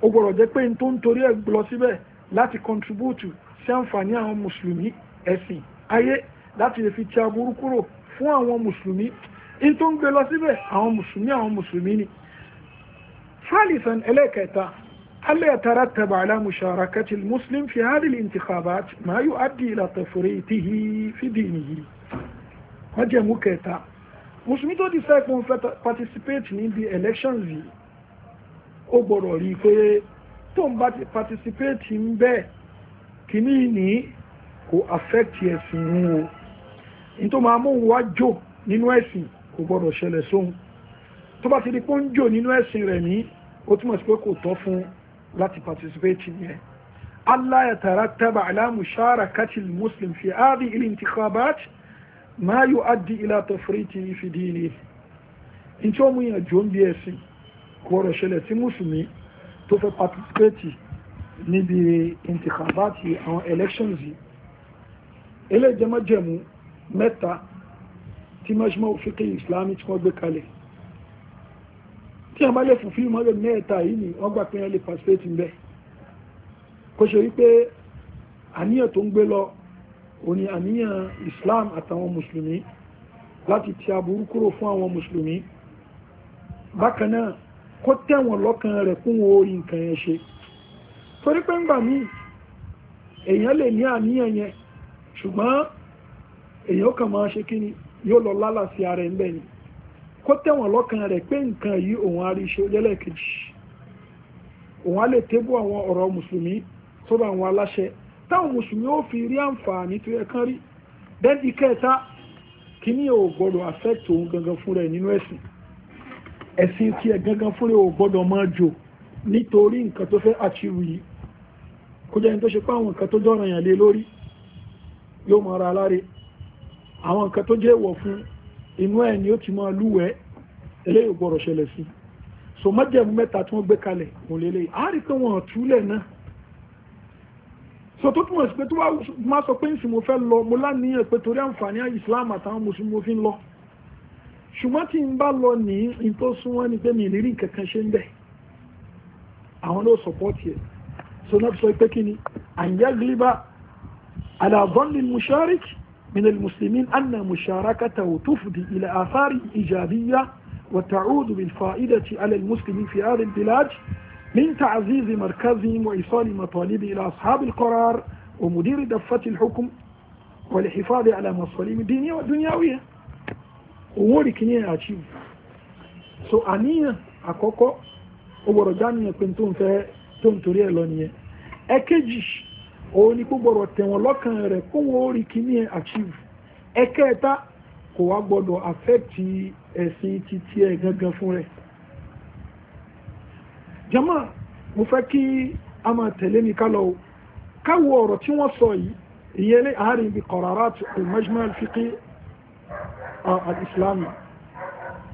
ó gbọ́dọ̀ jẹ́ pé n tó ń torí ẹ̀ lọ síbẹ̀ láti contribute sí àǹfààní àwọn mùsùlùmí ẹ̀sìn ayé láti lè fi ti aburú kúrò fún àwọn mùsùlùmí in tó ń gbé lọ síbẹ̀ àwọn mùsùlùmí àwọn mùsùlùmí ni. ثالثا ẹlẹ́kẹta ألا يترتب على مشاركة المسلم في هذه الانتخابات ما يؤدي إلى تفريطه في دينه májẹ̀mú kẹta mùsùlùmí tó decide pé òun fẹ́ participate níbi elections yìí ó gbọ́dọ̀ rí i pé tóun bá participate ń bẹ́ẹ̀ kìíní ní kò affect ẹ̀sìn ń wo ní tó máa mú wá jò nínú ẹ̀sìn kò gbọ́dọ̀ ṣẹlẹ̀ sóhun tó bá ti di pé ó ń jò nínú ẹ̀sìn rẹ̀ ní ó túmọ̀ sí pé kò tọ́ fún láti participate yẹn allah yatarattaba ala musharakati muslim fi hadhihi al-intikhabat ma yuaddi ila tafritihi fi dinihi ní tí ó mú yàn jò ń bí ẹ̀sìn kò gbọ́dọ̀ ṣẹlẹ̀ sí mùsùlùmí tó fẹ́ participate níbi intikhabati àwọn elections yìí eléyìí jẹ́ májẹ̀mú mẹ́ta tí mọ́ṣímọ́ òfìkì islami tí wọ́n gbé kalẹ̀ tí a bá lè fún fíìmù ọlẹ́ mẹ́ta yìí ni wọ́n gbà pé ẹ lè participate ń bẹ́ kó ṣe wípé àníyàn tó ń gbé lọ òun ni àníyàn islam àtàwọn mùsùlùmí láti ti aburú kúrò fún àwọn mùsùlùmí bákan náà kó tẹ̀wọ̀n lọ́kàn rẹ̀ fún orí nǹkan yẹn ṣe torí pé ń gbà míì èèyàn lè ní àníyàn yẹn ṣùgbọ́n èèyàn kàn máa ṣe kí ni yóò lọ lálà sí ara ẹ̀ ń kó tẹ̀wọ̀n lọ́kàn rẹ̀ pé nǹkan yìí òun rí ṣe òun á lè àwọn ọ̀rọ̀ mùsùlùmí sọ́dọ̀ àwọn aláṣẹ táwọn mùsùlùmí ó fi rí àǹfààní tó yẹ kán rí kẹta kí òun gangan fún rẹ̀ nínú ẹ̀sìn ẹ̀sìn gangan fún rẹ̀ ò gbọ́dọ̀ máa jò nítorí nǹkan tó kó jẹ́ ní tó ṣe pé àwọn nǹkan tó jọ́ràn yàn lé lórí yóò mọ ara àwọn nǹkan tó jẹ́ ìwọ̀ fún inú ẹ̀ ni ó ti máa lúwẹ̀ẹ́ eléyìí gbọ́rọ̀ ṣẹlẹ̀ sí so májẹ̀mú mẹ́ta tí wọ́n gbé kalẹ̀ kò lè lè á rí pé wọ́n túlẹ̀ náà so tó túmọ̀ sí pé tó má sọ pé nsì mo fẹ́ lọ mo láníyàn pé torí àǹfààní Islam àtàwọn mùsùlùmí mo fi ń lọ ṣùgbọ́n tí n bá lọ ní n tó súnmọ́ ni pé mi ìrírí nǹkan kan ṣe ń bẹ̀ àwọn ló sọ̀pọ̀tì ẹ̀ sunnah sọ أن يغلب على ظن المشارك من المسلمين أن مشاركته تفضي إلى آثار إيجابية وتعود بالفائدة على المسلمين في هذا البلاد من تعزيز مركزهم وإيصال مطالب إلى أصحاب القرار ومدير دفة الحكم والحفاظ على مصالح الدينية والدنيوية أمورك كنية أتشيف سؤالية أكوكو أمور جانية كنتم في تنتوري لونية ẹ̀kejì òun ni kó gbọ́dọ̀ tẹ̀wọ̀n lọ́kàn rẹ̀ kó wọn ó rí kíní ẹ̀ achieve ẹ̀kẹta kò wá gbọ́dọ̀ affect ẹ̀sìn títí ẹ̀ gangan fún rẹ̀ jama mo fẹ́ kí a máa tẹ̀lé mi kálọ̀ o káwo ọ̀rọ̀ tí wọ́n sọ yìí ìyẹn lé àárín ibi qararat al-majma' al-fiqhi al-islami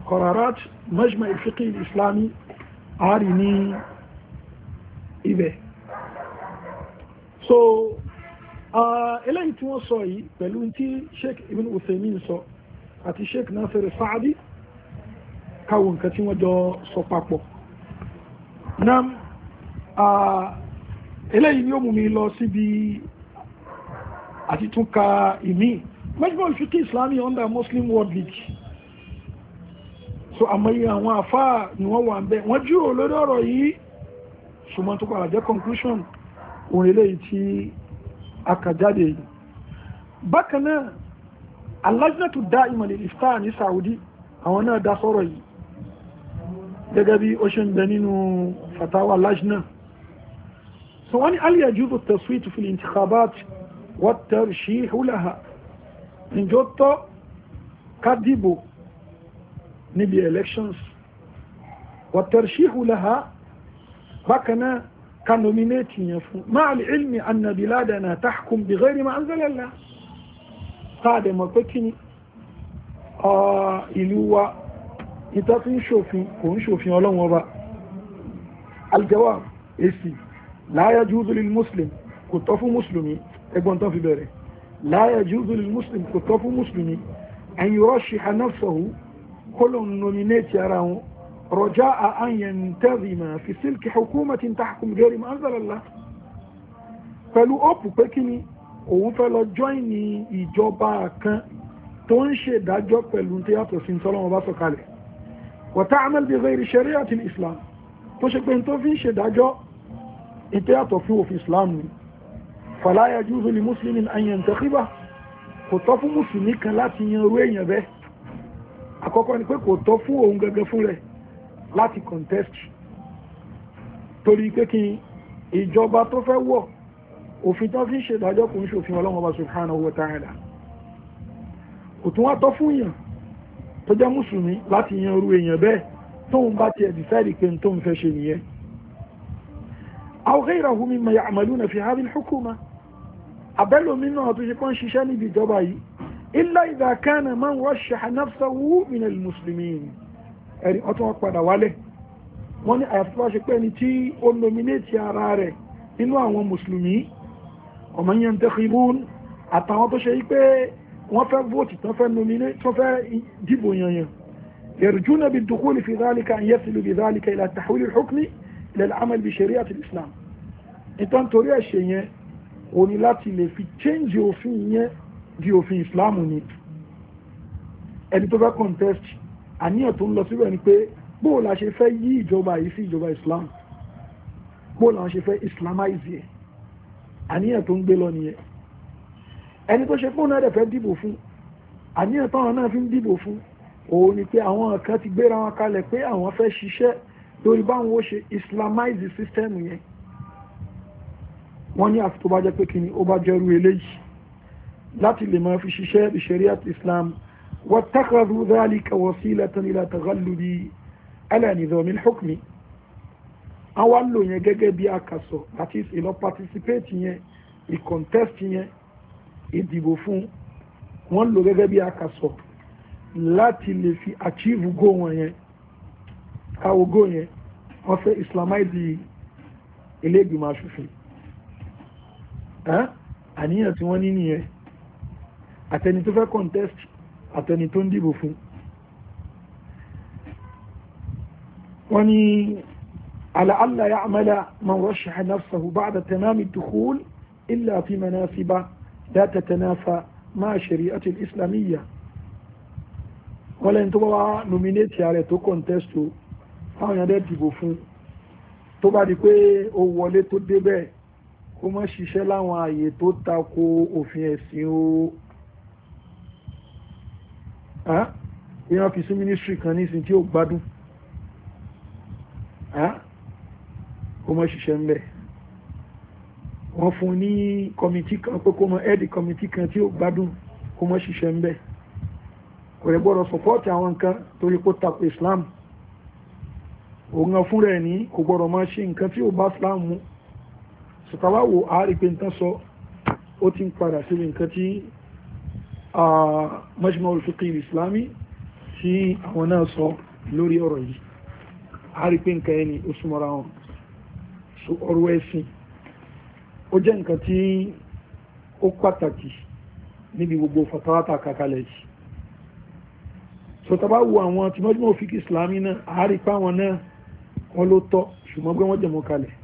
qararat majma' al àárín ní ibẹ̀ so uh, eléyìí tí wọ́n sọ yìí pẹ̀lú tí sheikh ibn Uthaymin sọ àti sheikh Nasir Saadi káwọn nǹkan tí wọ́n jọ sọ papọ̀ nam uh, eléyìí ni ó mú mi lọ síbi àti tún ka ìmí mẹ́jọ́ ìfikí islami under muslim world league so àmọ́yé àwọn àfáà ni wọ́n wà ń bẹ́ wọ́n jíròrò lórí ọ̀rọ̀ yìí ṣùgbọ́n tó padà jẹ́ conclusion òun eléyìí tí a kà jáde yìí bákan náà alájúnàtò dá ìmọ̀lè ìftáà ní Saudi àwọn náà dá sọ́rọ̀ yìí gẹ́gẹ́ bí ó ṣe ń bẹ nínú fatawa alájúnà so wọ́n ní aliyah jùlọ tẹ̀síwìtì fìlì intikhabat wọ́n tẹ̀rù sí ìhúlẹ̀ha ìjọ tọ́ kádìbò níbi elections wọ́n tẹ̀rù sí bákan náà ká nominate yẹn fún máa lè ilmi annabi ládàna tahkum bí gẹ́rì máa ń zẹ́lẹ̀lá táàdẹ̀ mọ̀ pé kí ni ìlú wa ìta fi ń ṣòfin kò ń ṣòfin ọlọ́run ọba aljawab èsì la yajuzu lil muslim kò tọ́ fún mùsùlùmí ẹgbọ́n tán fi bẹ̀rẹ̀ la yajuzu lil muslim kò tọ́ fún mùsùlùmí an yurashiha nafsahu kólọ̀ nominate رجاء أن ينتظم في سلك حكومة تحكم غير ما أنزل الله pẹ̀lú ọ̀pù pé kí ni òun fẹ́ lọ jọ́ìnì ìjọba kan tó ń ṣèdájọ́ pẹ̀lú tí yàtọ̀ sí tọ́lọ́wọ́n bá sọ̀kalẹ̀ wọ̀tá amẹ́lẹ́bí rẹ̀ ìṣẹ̀rí àti islam tó ṣe pé tó fi ń ṣèdájọ́ ìtẹ́ yàtọ̀ fún òfin islam ni fàlàyà júùsù ni mùsùlùmí àyàn tẹ́kíbà kò tọ́ fún mùsùlùmí kan láti yan irú èèyàn bẹ́ẹ̀ àkọ́kọ́ ni pé kò tọ́ fún òun gẹ́gẹ́ fún rẹ̀ láti contest torí pé kí ìjọba tó fẹ́ wọ̀ òfin tó fi ń ṣèdájọ́ kò ń ṣòfin ọlọ́run ọba subhanahu wa ta'ala kò tún wá tọ́ fún èèyàn tó jẹ́ mùsùlùmí láti yan irú èèyàn bẹ́ẹ̀ tóun bá tiẹ̀ decide pé tóun fẹ́ ṣe nìyẹn aw ghayrahu mimma ya'maluna fi hadhihi al-hukuma abẹ́lòmí náà tó ṣe kọ́ ń ṣiṣẹ́ níbi ìjọba yìí illa idha kana man rashaha nafsahu min al-muslimin ẹni ọtún padà wálẹ̀ wọ́n ní àyàfi wá ṣe pé ẹni tí ó nominate ara rẹ̀ nínú àwọn mùsùlùmí ọmọ yẹn tẹ́ kìrún àtàwọn tó ṣe yí pé wọ́n fẹ́ vote tán fẹ́ nominate tán fẹ́ dìbò yanyan يرجون بالدخول في ذلك أن يصلوا بذلك إلى تحويل الحكم إلى العمل بشريعة الإسلام ìtàn torí ẹ̀ṣẹ̀ yẹn ó ní láti lè fi change òfin yẹn di òfin Islam ni ẹni tó fẹ́ contest àníyàn tó ń lọ síbẹ̀ ni pé bóò la ṣe fẹ́ yí ìjọba yìí sí ìjọba islam bóò la ṣe fẹ́ islamize yẹ àníyàn tó ń gbé lọ nìyẹn ẹni tó ṣe fóònù ẹ̀rẹ̀ fẹ́ dìbò fún àníyàn táwọn náà fi ń dìbò fún òun ni pé àwọn kan ti gbéra wọn kalẹ̀ pé àwọn fẹ́ ṣiṣẹ́ lórí báwọn ó ṣe islamize system yẹn wọ́n ní àfi tó bá jẹ́ pé kí ni ó bá jẹ́rú eléyìí láti lè máa fi ṣiṣẹ́ ìṣẹ̀rí àti islam واتخذوا ذلك وسيلة إلى تغلب على نظام الحكم àwọn àlò yẹn gẹ́gẹ́ bí akasọ̀ that is ìlọ participate yẹn ìcontest yẹn ìdìbò fún wọ́n lò gẹ́gẹ́ bí akasọ̀ láti lè fi achieve go wọn yẹn káwo go yẹn wọ́n fẹ́ islamize ilé ìgbìmọ̀ asòfin àníyàn tí wọ́n ní nìyẹn àtẹni tó fẹ́ contest àtẹni tó ń dìbò fún wọ́n ní alàálà ya àmàlà man rashaha nafsahu ba'da tamami dukhul illa fi manasiba la tatanafa ma'a shari'ati al-islamiyya wọ́n lẹ́yìn tó bá wá nominate ààrẹ tó contest o fáwọn èèyàn dẹ́ dìbò fún tó bá di pé ó wọlé tó débẹ̀ kó má ṣiṣẹ́ láwọn ààyè tó tako òfin ẹ̀sìn o ìran fi sí ministry kan nísìn tí ó gbádùn ó mọ́ ṣiṣẹ́ ń bẹ̀ wọ́n fún ní kọmití kan pé kó mọ ẹ́ẹ̀dì kọmití kan tí ó gbádùn ó mọ́ ṣiṣẹ́ ń bẹ̀ kò rẹ̀ gbọ́dọ̀ sọpọ́ọ̀tì àwọn nǹkan torí kó tako Islam òun gan fúnra ẹ̀ ní kò gbọ́dọ̀ máa ṣe nǹkan tí ó bá Islam mu sọ̀tàwá wo àárí pé nǹkan sọ ó ti ń padà síbi nǹkan tí Majma' al-Fiqh al-Islami tí àwọn náà sọ lórí ọ̀rọ̀ yìí a rí pé nǹkan ẹni ó súnmọ́ra wọn so ọ̀rọ̀ ẹ̀sìn ó jẹ́ nǹkan tí ó pàtàkì níbi gbogbo fatawata kakalẹ̀ yìí so tàbá wo àwọn tí Majma' al-Fiqh al-Islami náà a rí pé àwọn náà wọ́n ló tọ́ ṣùgbọ́n pé wọ́n jẹ̀mọ́ kalẹ̀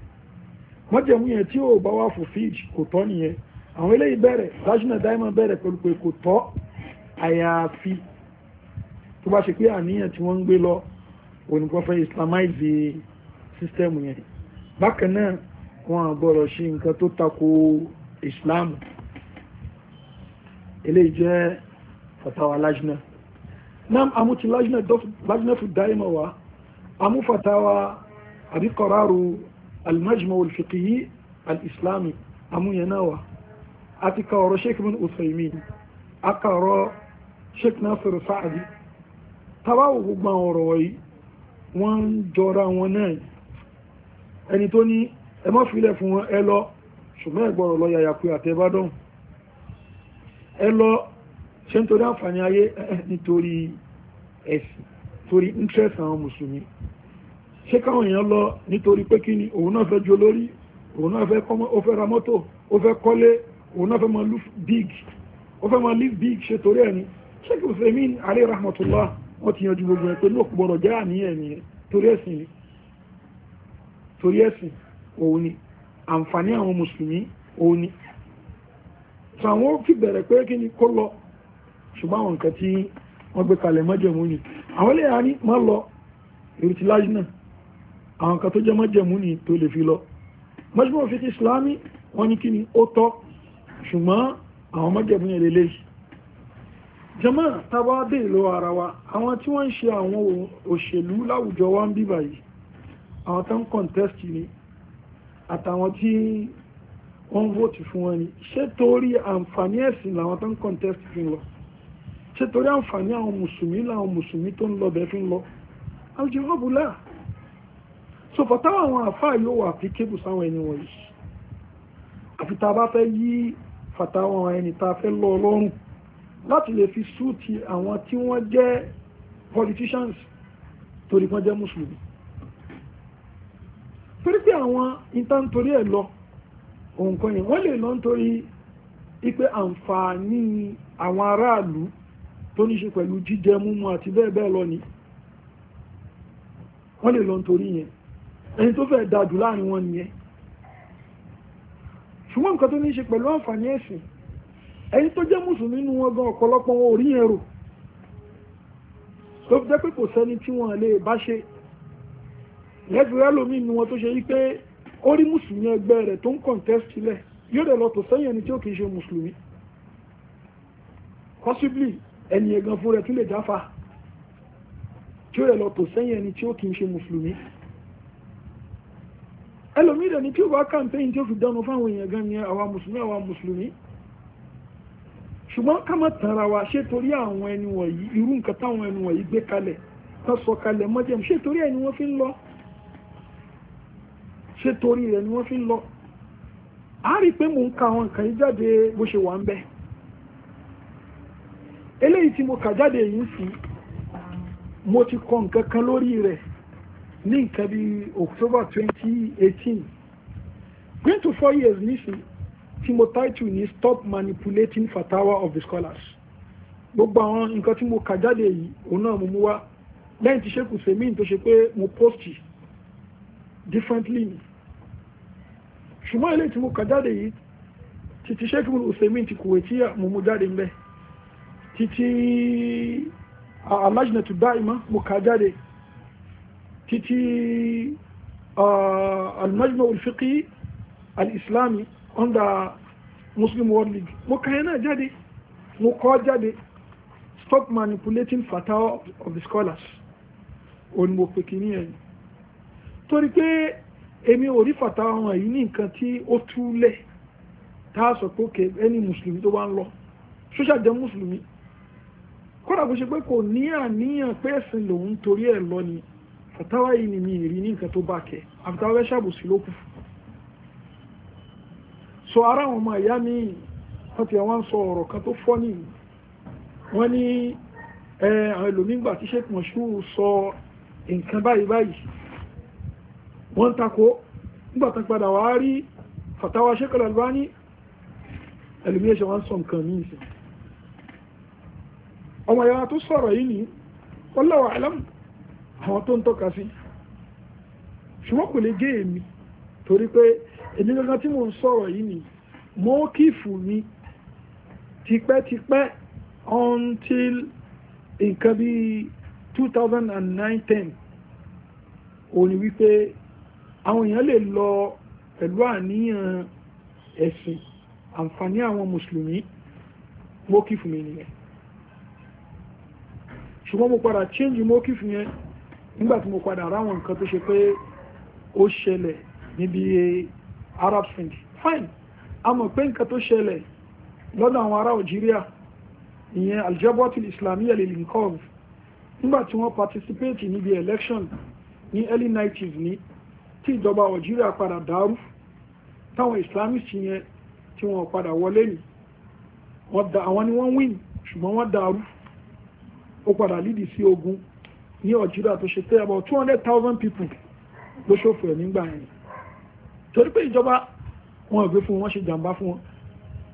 wọ́n jẹ̀mú yẹn tí ò bá wà fòfíìjì kò tọ́ nìyẹn àwọn eléyìí bẹ̀rẹ̀ lásìnà dáìmọ̀ bẹ̀rẹ̀ pẹ̀lú pé kò tọ́ àyàfi tó bá ṣe pé àníyàn tí wọ́n ń gbé lọ òníkan fẹ́ islamize system yẹn bákan náà wọn àgbọ̀rọ̀ ṣe nǹkan tó tako islam eléyìí jẹ́ fatawa lajna nam amuti lajna lajna fi dáìmọ̀ wa amu fatawa àbí kọ̀ráàrù al-majma' al-fiqhi islami amúyẹn náà wa àti ka ọ̀rọ̀ sheikh bin usaimin aka ọ̀rọ̀ sheikh nasir saadi tabawo gbogbo àwọn ọ̀rọ̀ wọ̀nyí wọ́n ń jọra wọn náà ẹni tó ní ẹ má filẹ̀ fún wọn ẹ lọ ṣùgbọ́n ẹ̀gbọ́rọ̀ lọ yàyàkú àtẹ́bádọ́n ẹ lọ ṣe ń torí àǹfààní ayé nítorí ẹ̀sìn torí interest àwọn mùsùlùmí ṣé káwọn èèyàn lọ nítorí pé kí ni òun náà fẹ́ jolórí òun náà fẹ́ ra mọ́tò ó fẹ́ kọ́lé òun náà fẹ́ máa lù big ó fẹ́ máa live big ṣe torí ẹni sheikh usaimin alayhi rahmatullah wọ́n ti yanjú gbogbo ẹ̀ pé ní òpùpọ̀rọ̀ jẹ́ àníyàn ẹ̀mí torí ẹ̀sìn torí ẹ̀sìn òun ni àǹfààní àwọn mùsùlùmí òun ni tí àwọn ó fi bẹ̀rẹ̀ pé kí ni kó lọ ṣùgbọ́n àwọn nǹkan tí wọ́n gbé kalẹ̀ mọ́jẹ̀mú ni àwọn ilé àní má lọ ìrètí lájú náà àwọn nǹkan tó jẹ́ mọ́jẹ̀mú ni tó lè fi lọ mọ́júmọ́ fi ti islámi wọ́n ní kí ni ó tọ́ ṣùgbọ́n àwọn mọ́jẹ̀mú yẹn lélẹ́yìí jàmá tábà dé ìlú ara wa àwọn tí wọ́n ń ṣe àwọn òṣèlú láwùjọ wa ń bí báyìí àwọn tó ń contest ni àtàwọn tí wọ́n ń vote fún wọn ni ṣé torí àǹfààní ẹ̀sìn làwọn tó ń contest fi ń lọ ṣé torí àǹfààní àwọn mùsùlùmí làwọn mùsùlùmí tó ń lọ fi ń lọ àwùjọ ọ̀bùlà so fọ̀tá àwọn àfáà yóò wà applicable sáwọn ẹni wọ̀nyí àfi fẹ́ yí fàtàwọn ẹni tá a fẹ́ lọ ọlọ́run láti lè fi súùtì àwọn tí wọ́n jẹ́ politicians torí wọ́n jẹ́ mùsùlùmí torí pé àwọn ìtàn torí ẹ̀ lọ òun yẹn wọ́n lè lọ nítorí ipe àǹfààní àwọn aráàlú tó ní ṣe pẹ̀lú jíjẹ múmu àti bẹ́ẹ̀ bẹ́ẹ̀ lọ ni wọ́n lè lọ nítorí yẹn ẹni tó fẹ́ dájú láàrin wọn nìyẹn ṣùgbọ́n nǹkan tó ní í ṣe pẹ̀lú àǹfààní ẹ̀sìn ẹni tó jẹ́ mùsùlùmí nínú wọn gan ọ̀pọ̀lọpọ̀ wọn ò rí yẹn rò tó fi jẹ́ pé kò sẹ́ni tí wọ́n lè bá ṣe lẹ́gbẹ̀rẹ́ lómi nínú wọn tó ṣe wípé ó rí mùsùlùmí ẹgbẹ́ rẹ̀ tó ń contest sílẹ̀ yóò dẹ̀ lọ tó sẹ́yìn ẹni tí ó kìí ṣe mùsùlùmí possibly ẹni ẹ̀gàn rẹ̀ tún lè jáfa tí ó dẹ̀ lọ tó sẹ́yìn ẹni tí ó kìí ṣe mùsùlùmí ẹlòmíì rẹ̀ ni tí ó bá campaign tí ó fi dánu fáwọn èèyàn gan ni àwa mùsùlùmí àwa mùsùlùmí ṣùgbọ́n ká má tara wa ṣé torí àwọn ẹni wọ̀nyí irú nǹkan táwọn ẹni wọ̀nyí gbé kalẹ̀ tán sọ kalẹ̀ mọ́jẹ̀m ṣé torí ẹni wọ́n fi ń lọ ṣé torí ẹni wọ́n fi ń lọ a rí i pé mò ń ka àwọn nǹkan yìí jáde bó ṣe wà ń bẹ eléyìí tí mo kà jáde yìí sí mo ti kọ nǹkan kan lórí rẹ̀ ní nǹkan bí October 2018 going to four years nísìn tí mo title ní stop manipulating fatawa of the scholars gbogbo àwọn nǹkan tí mo kà jáde yìí òun náà mo mú wá lẹ́yìn tí ṣe kù tó ṣe pé mo post differently ṣùgbọ́n ilé tí mo kà jáde yìí títí ṣe kí mo sèmí ti kùwé tí mo mú jáde ń bẹ̀ títí alájìnà tó dá ìmọ̀ mo kà jáde yìí títí al-majmu al-fiqhi al-islami under muslim world league mo stop manipulating fatawa of the scholars òní mo pè kìíní ẹ̀yìn torí pé èmi ò rí fatawa wọn yìí ní nǹkan tí ó túlẹ̀ tá a sọ pé òkè ẹni mùsùlùmí tó bá ń lọ sóṣà jẹ́ mùsùlùmí kódà bó ṣe pé kò ní àníyàn pé ẹ̀sìn lòun torí ẹ̀ lọ ni fatawa yìí ni mi rí ní nǹkan tó bá kẹ àfitawa fẹ́ ló kù so ara àwọn ọmọ ìyá mi wọ́n ti àwọn sọ ọ̀rọ̀ kan tó fọ́ nìyí wọ́n ní àwọn ẹlòmígbà tí sheikh moshood sọ nǹkan báyìí báyìí wọ́n ń takò nígbà tó padà wá rí fatawa sheikh al-Albani ẹlòmíyẹ ṣe sọ nǹkan míì ọmọ ìyá tó sọ̀rọ̀ yìí ni wallahu a'lam àwọn tó ń tọ́ka sí ṣùgbọ́n kò lè gé èmi torí pé èmi gangan tí mò ń sọ̀rọ̀ yìí ni mo kì í fún mi tipẹ́tipẹ́ until nǹkan bíi two thousand and nine ten òní wípé àwọn èèyàn lè lọ pẹ̀lú àníyàn ẹ̀sìn àǹfààní àwọn mùsùlùmí mo kì í fún mi nìyẹn ṣùgbọ́n mo padà change mo kì í fún yẹn nígbàtí mo padà ráwọn nǹkan tó ṣe pé ó ṣẹlẹ̀ níbi arab spring fine a mọ̀ pé nǹkan tó ṣẹlẹ̀ lọ́dọ̀ àwọn ará algeria ìyẹn aljabatul islamiyya lè linkov nígbàtí wọ́n participate níbi election ní early 90s ní tí ìjọba algeria padà dàrú táwọn islamist yẹn tí wọ́n padà wọlé ní àwọn ni wọ́n win ṣùgbọ́n wọ́n dàrú ó padà lídìí sí ogun ní algeria tó ṣe pé about two hundred thousand people ló ṣòfò ẹ̀ nígbà yẹn torí pé ìjọba wọn ò gbé fún wọn ṣe jàǹbá fún wọn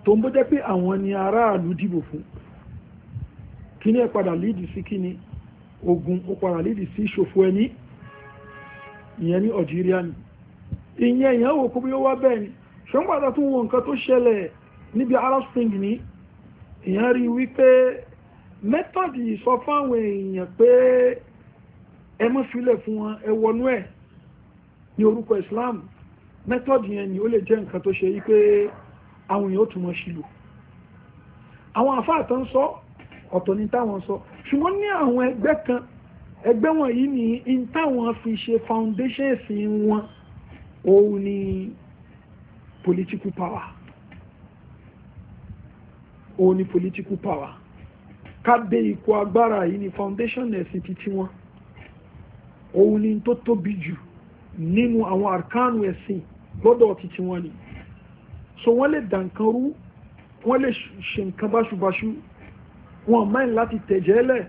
tó ń bó jẹ́ pé àwọn ni aráàlú dìbò fún kíní ẹ̀ padà líìdì sí kíní ogun ó padà líìdì sí ìṣòfò ẹni ìyẹn ní algeria ni ìyẹn ìyẹn wò kó bí ó wá bẹ́ẹ̀ ni ṣùgbọ́n àtàtún wọn nǹkan tó ṣẹlẹ̀ níbi arab spring ni ìyẹn rí wípé mẹ́tọ̀dì sọ èèyàn pé ẹ mọ́ filẹ̀ fún wọn ẹ wọnú ẹ̀ ní orúkọ islam mẹ́tọ́dì yẹn ni ó lè jẹ́ nǹkan tó ṣe yí pé àwọn èèyàn ó tún mọ́ ṣìlò àwọn àfáà ń sọ ọ̀tọ̀ ní táwọn sọ ṣùgbọ́n ní àwọn ẹgbẹ́ kan ẹgbẹ́ wọ̀nyí ni in táwọn fi ṣe foundation ẹ̀sìn wọn òun ni political power òun ni political power ká dé ipò agbára yìí ni foundation ẹ̀sìn titi wọn òun ni tó tóbi jù nínú àwọn àrkánu ẹ̀sìn lọ́dọ̀ títí wọn ni so wọ́n lè dànkan rú wọ́n lè ṣe nǹkan báṣubàṣu wọn máìn láti tẹ̀jẹ́lẹ̀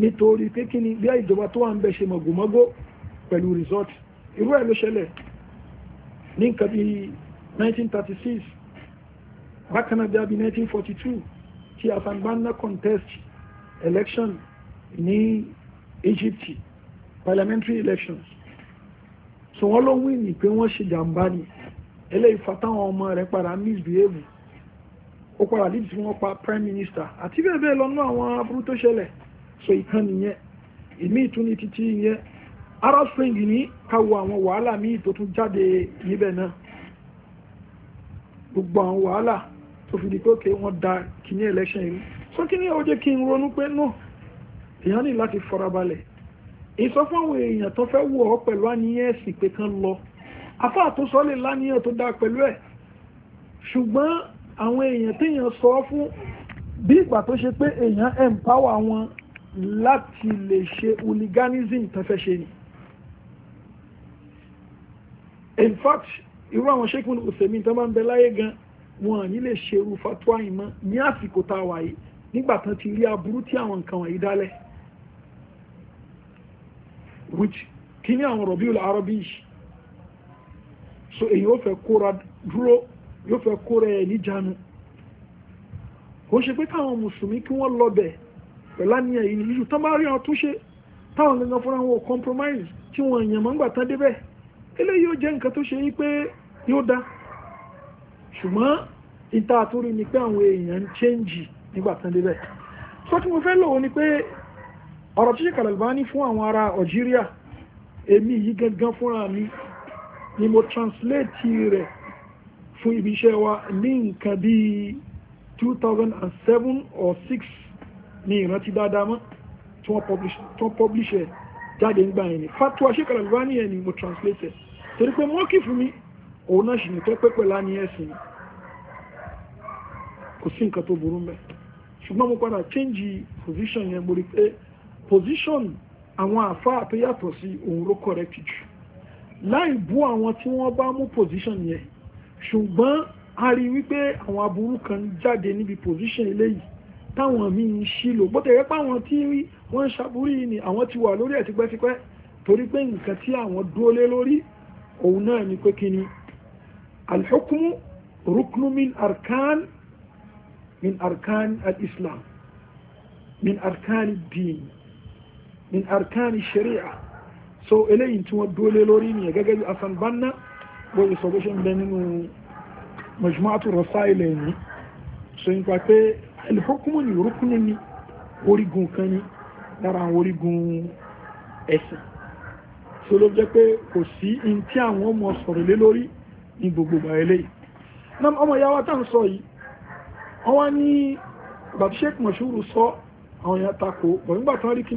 nítorí pé kí ni bí ìjọba tó wà ń bẹ ṣe mọ̀gòmọ́gó pẹ̀lú resort irú ẹ̀ ló ṣẹlẹ̀ ní nǹkan bí 1936 bákan náà bí i 1942 tí asanbanna contest election ní Egypt parliamentary elections so wọ́n ló wí ní pé wọ́n ṣe jàǹbá ni eléyìí fatáwọn ọmọ rẹ̀ padà misbehave ó padà lídìí tí wọ́n pa prime minister àti bẹ́ẹ̀ bẹ́ẹ̀ lọ́nà àwọn aburú tó ṣẹlẹ̀ so ìkan nìyẹn ìmí ìtúni títí ìyẹn arab spring ní káwọ àwọn wàhálà míì tó tún jáde níbẹ̀ náà gbogbo àwọn wàhálà tó fi di pé òkè wọn da kìíní election yìí so kí ni ó jẹ́ kí n ronú pé náà èèyàn ní láti farabalẹ̀ ìsọfáwọn èèyàn tó fẹ́ wọ̀ ọ́ pẹ̀lú àníyàn ẹ̀sìn pé kán lọ afá tó sọ lè láníyàn tó dáa pẹ̀lú ẹ̀ ṣùgbọ́n àwọn èèyàn téèyàn sọ fún bí ìgbà tó ṣe pé èèyàn empower wọn láti lè ṣe hooliganism tó fẹ́ ṣe ni in fact irú àwọn ṣékùn òsèmí tó máa ń bẹ láyé gan wọn à ní lè ṣerú fatwa ìmọ̀ ní àsìkò tá a wà yìí nígbà tán ti rí aburú tí àwọn nǹkan wọ̀nyí dálẹ̀ which kíní àwọn Rabiul Arabi so èyí eh, ó fẹ́ kóra dúró yóò fẹ́ kóra ẹ̀ níjànú kò ṣe pé káwọn mùsùlùmí kí wọ́n lọ bẹ̀ pẹ̀lá ní ni ní yíṣù tán bá rí àtúnṣe táwọn gangan fúnra wọn ò compromise tí wọ́n èèyàn máa ń gbà tán débẹ̀ eléyìí ó jẹ́ nǹkan tó ṣe yí pé yóò da ṣùgbọ́n ìta àtúrí ni pé àwọn èèyàn ń change nígbà tán débẹ̀ sọ tí mo fẹ́ lò ó ni pé ọ̀rọ̀ tí Sheikh Al-Albani fún àwọn ará Algeria èmi yìí gangan fúnra mi ni mo translate rẹ̀ fún ibi iṣẹ́ wa ní nǹkan bíi two thousand and seven or six ni ìrántí dáadáa mọ́ tí wọ́n publish ẹ̀ jáde ńgbà yẹn ni fatwa Sheikh al yẹn ni mo translate ẹ̀ torí pé wọ́n kì fún mi òun náà sì ní pẹ́pẹ́ pẹ̀lá ẹ̀sìn kò sí nǹkan tó burú mẹ́ ṣùgbọ́n mo padà change position yẹn mo rí pé position àwọn àfáà tó yàtọ̀ sí òun ló correct jù láì bú àwọn tí wọ́n bá mú position yẹn ṣùgbọ́n a rí wípé àwọn aburú kan jáde níbi position eléyìí táwọn míì ń ṣílò bó tẹ̀yẹ́ pé àwọn tí wọ́n ń ṣàbúrú ni àwọn ti wà lórí ẹ̀ tipẹ́tipẹ́ torí pé nǹkan tí àwọn dúró lé lórí òun náà ni pé kí ni alhukumu ruknu min arkan min arkan al-islam min arkan al-din. al min arkani sharia so eléyìí tí wọ́n dúólé lórí ni gẹ́gẹ́ bí asan banna bó ṣe sọ bó ṣe ń bẹ nínú majmu'atu rasail ni so n pa pé alhukumu ni rukunu ni orígun kan ni lára àwọn orígun ẹ̀sìn so ló jẹ́ pé kò sí in tí àwọn ọmọ sọ̀rọ̀ lé lórí ní gbogbo gbà eléyìí nam ọmọ ìyá wa tá ń sọ yìí wọ́n mashuru sọ àwọn ìyá tako bọ̀ nígbà tán rí kí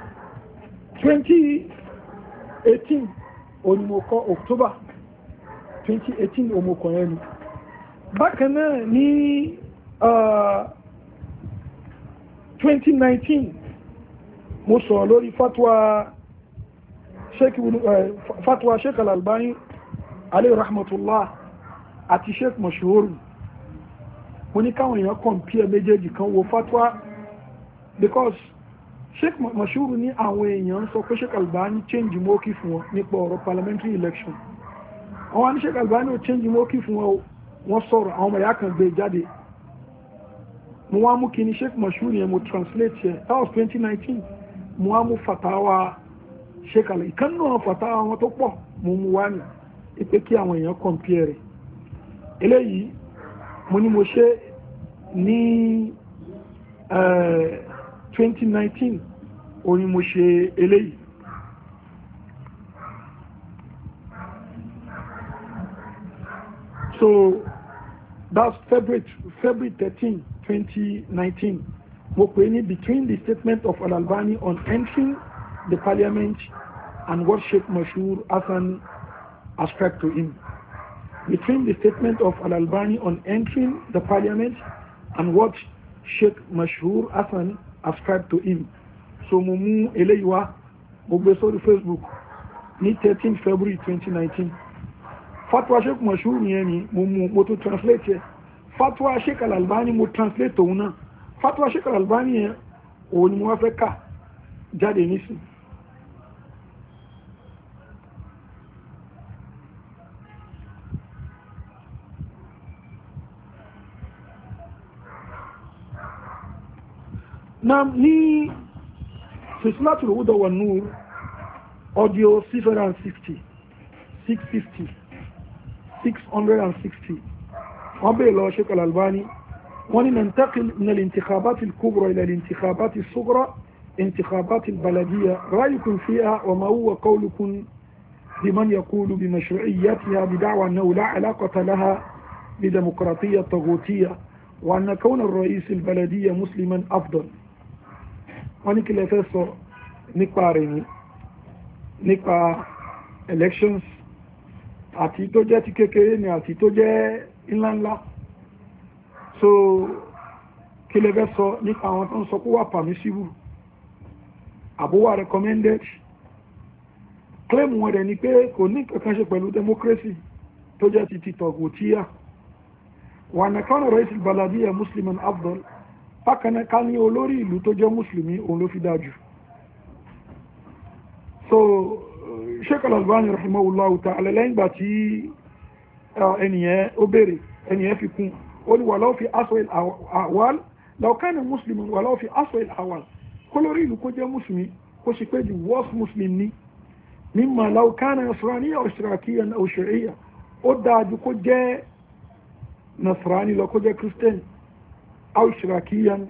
2018 onímọ̀kọ́ October 2018 omokọ̀ yẹn ni bákan náà ní 2019 uh, mo sọ̀rọ̀ lórí fatwa sheik uh, fatwa sheik al-Albani alayhi rahmatullah àti sheik mashuru mo ní káwọn èèyàn kọ̀ǹpìẹ̀ méjèèjì kan wo fatwa because sheikh mashuru ní àwọn èèyàn sọ pé sheikh albani change mọ́kì fún wọn nípa ọ̀rọ̀ parliamentary election àwọn àni sheikh albani ò change mọ́kì fún wọn wọ́n sọ̀rọ̀ àwọn ọmọ kan gbé e jáde mo wá mú kí ni sheikh mashuru yẹn mo translate yẹn that was 2019 nineteen mo wá mú fatawa sheikh al ìkànnì àwọn fatawa wọn tó pọ̀ mo mú wá ní ipe kí àwọn èèyàn compare rẹ̀ eléyìí mo ní mo ṣe ní. Eh, 2019, ó ní mo ṣe eléyìí so that's February February 13 2019 mo pè ní between the statement of Al-Albani on entering the parliament and what Sheikh Mashur Hassan ascribed to him. Between the statement of Al-Albani on entering the parliament and what Sheikh Mashur Hassan ascribe to him so mo mú eléyìí wá mo sórí facebook ní 13 february 2019 fatwa sheikh mashu yẹn ni mo mú mo tún translate yẹ fatwa sheikh al-albani mo translate òun náà fatwa sheikh al-albani yẹn òun ni mo wá fẹ́ kà jáde nísìnyí Now, ní Fisnatul Huda wa Nur, audio 660, 650, 660. wọ́n bèèrè lọ Sheikh Al-Albani, wọ́n ní ننتقل من الانتخابات الكبرى إلى الانتخابات الصغرى انتخابات البلدية رأيكم فيها وما هو قولكم لمن يقول بمشروعيتها بدعوى أنه لا علاقة لها بديمقراطية طاغوتية وأن كون الرئيس البلدية مسلما أفضل wọ́n ní kí lẹ fẹ́ sọ nípa rẹ̀ ní nípa elections àti tó jẹ́ ti kékeré ni àti tó jẹ́ ńláńlá so kí lẹ fẹ́ sọ nípa àwọn tó ń sọ kó wà permissible àbúwà recommended claim wọn rẹ̀ ni pé kò ní kankan ṣe pẹ̀lú democracy tó jẹ́ ti tìtọ̀gù tíyà wà nàkánà rẹ̀ ìsìlbàlàdíyà musliman abdul bákanáà ká ní olórí ìlú tó jẹ́ mùsùlùmí òun ló fi dájú so sheikh al-Albani rahimahullahu ta'ala lẹ́yìn ìgbà tí ẹnìyẹn ó béèrè ẹnìyẹn fi kún ó ní wàláwò fi aswil awal lọ́kànnì mùsùlùmí wàláwò fi aswil awal kólórí ìlú kó jẹ́ mùsùlùmí kó sì pé the worst muslim ni mímọ lọ́kànnì nasraniya òṣìràkíyà òṣìrìyà ó dáa ju kó jẹ́ nasrani lọ kó jẹ́ christian aw ìṣìràkíyàn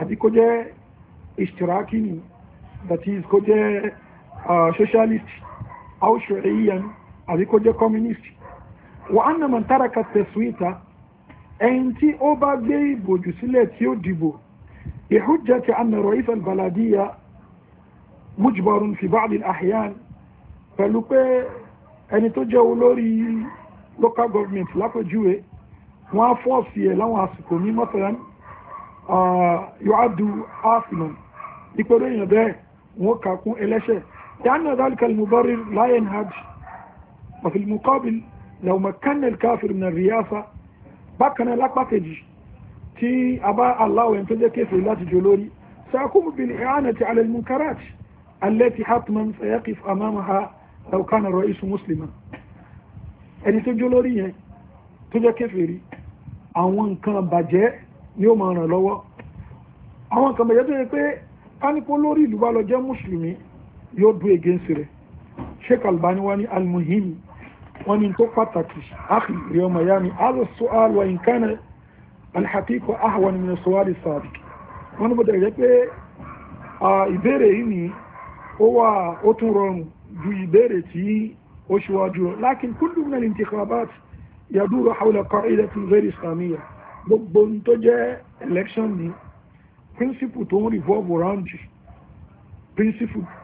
àbí kó jẹ́ ìṣìràkí ni that is kó jẹ́ socialist aw ṣùrẹ̀yàn àbí kó jẹ́ communist wa anna man taraka taswita ẹni tí ó bá gbé ìbòjú sílẹ̀ tí ó dìbò ìhújẹ́ ti anna ra'is al-baladiya mujbarun fi ba'd ahyan pẹ̀lú pé ẹni tó jẹ́ olórí local government lápẹjúwe wọ́n á fọ́ọ̀sì ẹ̀ láwọn àsìkò ní mọ́tàlá yóò á du áàfìnà ìpẹ̀rọ èèyàn bẹ́ẹ̀ wọ́n kà kún ẹlẹ́ṣẹ̀ dáná dálíkà lùmùbárí lion hajj ọ̀fìlmùkọ́bìn làwọn kanel káfíìrì nà ríyáfà bákan náà lápá kejì tí a bá aláwọ̀ ẹ̀ńtọ́ jẹ́ kéfì láti jò lórí sàkóbù bìlì ẹ̀hánà ti alẹ́ munkarat hatman sayakif amamaha làwọn rọ̀ isu musliman ẹni tó jò lórí yẹn tó jẹ́ kéfì rí àwọn nǹkan bàjẹ́ ni ó máa ràn lọ́wọ́ àwọn nǹkan bàjẹ́ tó yẹ pé kánípó lórí ìlú bá lọ jẹ́ mùsùlùmí yóò dún against rẹ̀ sheikh albani wa ni almuhim wọn ni tó pàtàkì akhi rí ọmọ ìyá mi alo su'al wa in kana alhaqiqa ahwan min su'al sabiq wọn ni mo pé ìbéèrè yìí ni ó wà ó tún rọrùn ju ìbéèrè tí ó ṣíwájú lọ lakin kullu min al-intikhabat yàdúrà haúlẹ̀ qa'idatin fún very islamiyya gbogbo ohun tó jẹ́ election ní principle tó ń revolve around you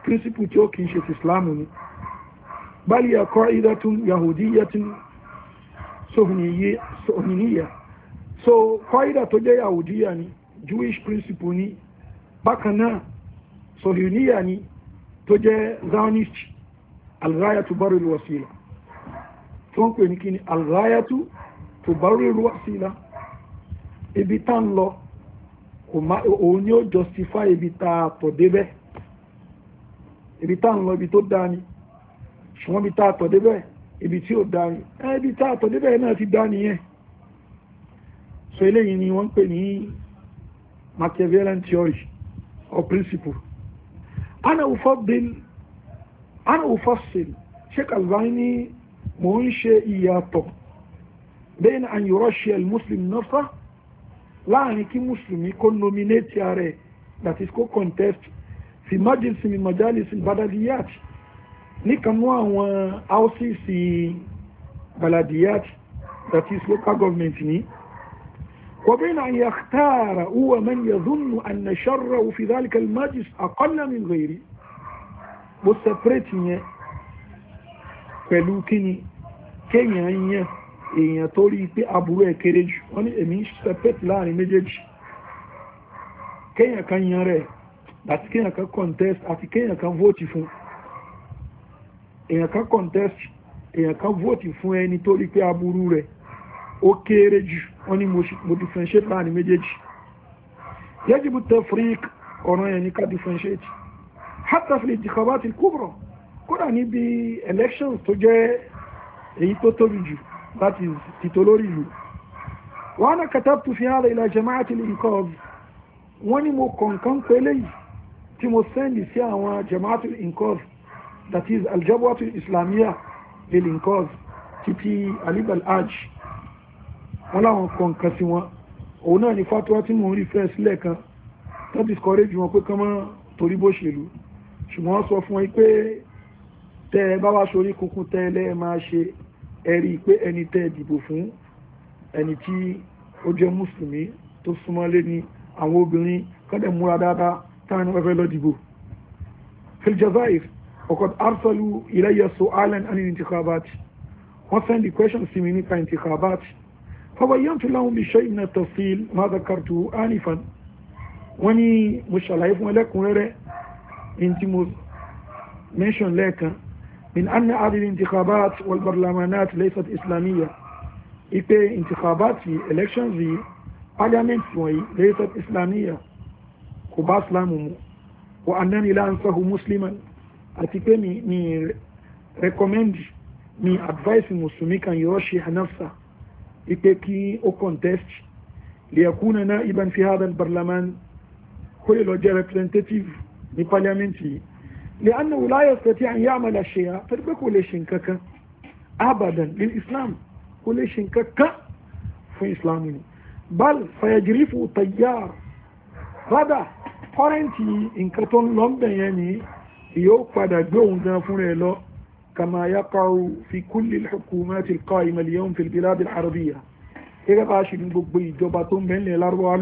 principle tí ó kì í ṣe ti islam ni bal ya qa'idatun yahudiyatun sohuniyya so qa'ida tó jẹ́ yahudiyya ni jewish principle ni bákan náà sohuniyya ni tó jẹ́ zionist al-ghaya tó ń pè ní kíni alghayatu tubarriru wasila ibi tá ń lọ òun ni ó justify ibi tá a tọ̀ débẹ̀ ibi tá ń lọ ibi tó dáa ni ṣùgbọ́n ibi tá a tọ̀ débẹ̀ ibi tí ó dáa ni ibi tá a tọ̀ débẹ̀ náà ti dáa nìyẹn so eléyìí ni wọ́n ń pè ní Machiavellian theory or principle ana ufasil sheik Albani mò ń ṣe ìyàtọ̀ bẹ́ẹ̀ni àyùrọ̀ṣẹ́ muslim nafsa láàrin kí mùsùlùmí kó nominate ààrẹ that is kó contest fi majlisi mi majalisi baladiyat níkanú àwọn houses baladiyat that is local government ni وبين أن يختار هو من يظن أن شره في ذلك المجلس أقل من غيره بس فريتين pẹ̀lú kíni kéèyàn yàn èèyàn tó rí pé aburú ẹ̀ kéré jù wọ́n ní èmi ń sẹpẹ́tì láàrin méjèèjì kéèyàn kan yan rẹ̀ àti kéèyàn kan contest àti kéèyàn kan vote fún èèyàn kan contest èèyàn kan vote fún ẹni tó rí pé aburú rẹ̀ ó kéré jù wọ́n ní mo differentiate láàrin méjèèjì yẹ́jìbù tafriq ọ̀ràn yẹn ní ká differentiate hatta fil intikhabat al-kubra kódà níbi elections tó jẹ́ èyí tó tóbi jù that is tìtolórí ìlú wọn náà katabtu fi hàn ila jama'ati al-inqadh wọ́n ní mo kọ̀ǹkan pé léyìí tí mo sẹ́ndì sí àwọn jama'ati al-inqadh that is aljabwatu islamiyya lil-inqadh títí alibal aj wọ́n láwọn kọ̀ǹkan sí wọn òun náà ní fatuwa tí mo ń rí fẹ́ sílẹ̀ kan tó discourage wọn pé kán mọ́ torí bó ṣèlú ṣùgbọ́n sọ fún wọn pé tẹ́ ẹ bá wá sórí kunkun tẹ́ ẹ lẹ́ẹ̀ máa ṣe ẹ̀rí pé ẹni tẹ́ ẹ dìbò fún ẹni tí ó jẹ́ mùsùlùmí tó súnmọ́ lé ní àwọn obìnrin kọ́dẹ̀ múra dáadáa táwọn ẹni fẹ́ lọ dìbò. fil jazair ọkọ̀ arsalu ilayya su'alan an intikhabat wọ́n send the question sí mi nípa intikhabat فبينت لهم بشيء من التفصيل ما ذكرته آنفا wọ́n ní mo ṣàlàyé fún ẹlẹ́kùnrẹ́rẹ́ in tí mo mention lẹ́ẹ̀kan من أن هذه الانتخابات والبرلمانات ليست إسلامية إيبي انتخابات في إلكشن في parliament ليست إسلامية كوبا إسلامهم وأنني لا أنصح مسلما أتيبي مي, مي recommend مي advise مسلمي كان يرشح نفسه إيبي كي أو contest ليكون نائبا في هذا البرلمان كل لو representative ni parliament لأنه لا يستطيع أن يعمل أشياء فلبك وليش انكك أبدا للإسلام وليش انكك في إسلامنا بل فيجريف طيار هذا قرنتي إن كتون لندن يعني يوقف قد جون جافون كما يقع في كل الحكومات القائمة اليوم في البلاد العربية إذا قاشي من بقبي جوباتون بين الأربعة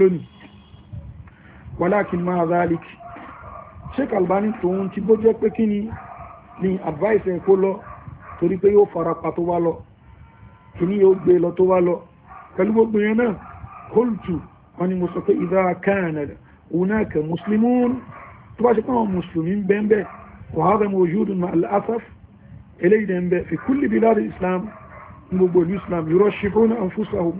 ولكن مع ذلك sheik albani tòun ti bó jẹ́ pé kí ni ni advice ẹ̀ kó lọ torí pé yóò fara pa tó wá lọ kìíní yóò gbé lọ tó wá lọ pẹ̀lú gbogbo yẹn náà kóòtù wọn ni mo sọ pé ìdá kánà òun náà kẹ mùsùlùmí tó bá ṣe pé mùsùlùmí ń bẹ́ẹ̀ bẹ́ẹ̀ wàhálà mo yóò dùn máa asaf eléyìí dẹ̀ ń bẹ́ẹ̀ fi bí láti islam ní gbogbo ìlú islam yóò ṣe náà fún sahun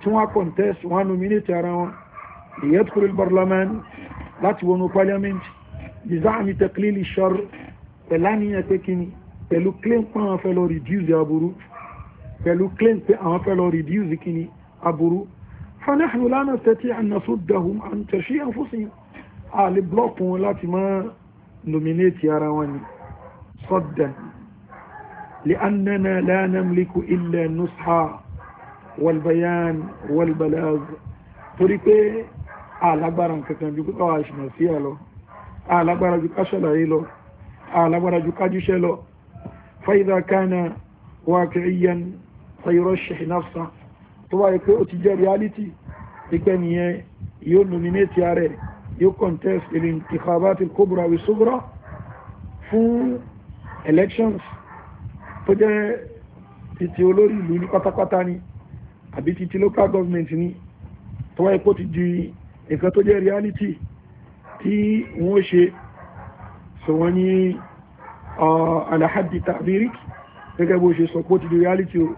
tí wọ́n contest wọ́n nominate ara wọn ìyẹ́tukùrẹ́ barlamani láti wọnú parliament dizaani tẹ̀klílì ṣọ́r pẹ̀lú àníyàn tẹ́kìní pẹ̀lú claim pé àwọn fẹ́ lọ reduce aburú pẹ̀lú claim pé àwọn fẹ́ lọ reduce kíni aburú fanahnu lánà tẹ́tí ànàsó dahun àǹtẹ̀sí àfúsìn àlè blọ́ọ̀kù wọn láti má nominate ara wọn ni sọ́dà لأننا lana mliku ilẹ̀ النصح wàlbayan wàlbalaz torí pé alágbára nǹkankan ju kíkọ́ àṣìmọ̀ sí ẹ̀ lọ alágbára ju káṣàlàyé lọ alágbára ju kájúṣẹ́ lọ fàyídà kánà wákìíyàn sayọrọ ṣẹ̀hìnáfsà tó wáyé pé ó ti jẹ́ reality ìgbẹ́ nìyẹn yóò nominate ààrẹ yóò contest ìrìn ìkàbátì kóbùrà wìsúgbùrà fún elections tó jẹ́ títí olórí ìlú ní pátápátá ni àbí títí local government ni tó wáyé pé ó ti di nǹkan tó jẹ́ reality tí wọ́n ṣe so wọ́n ní uh, alahadi tabirik gẹ́gẹ́ bó ṣe sọ kó ti di reality o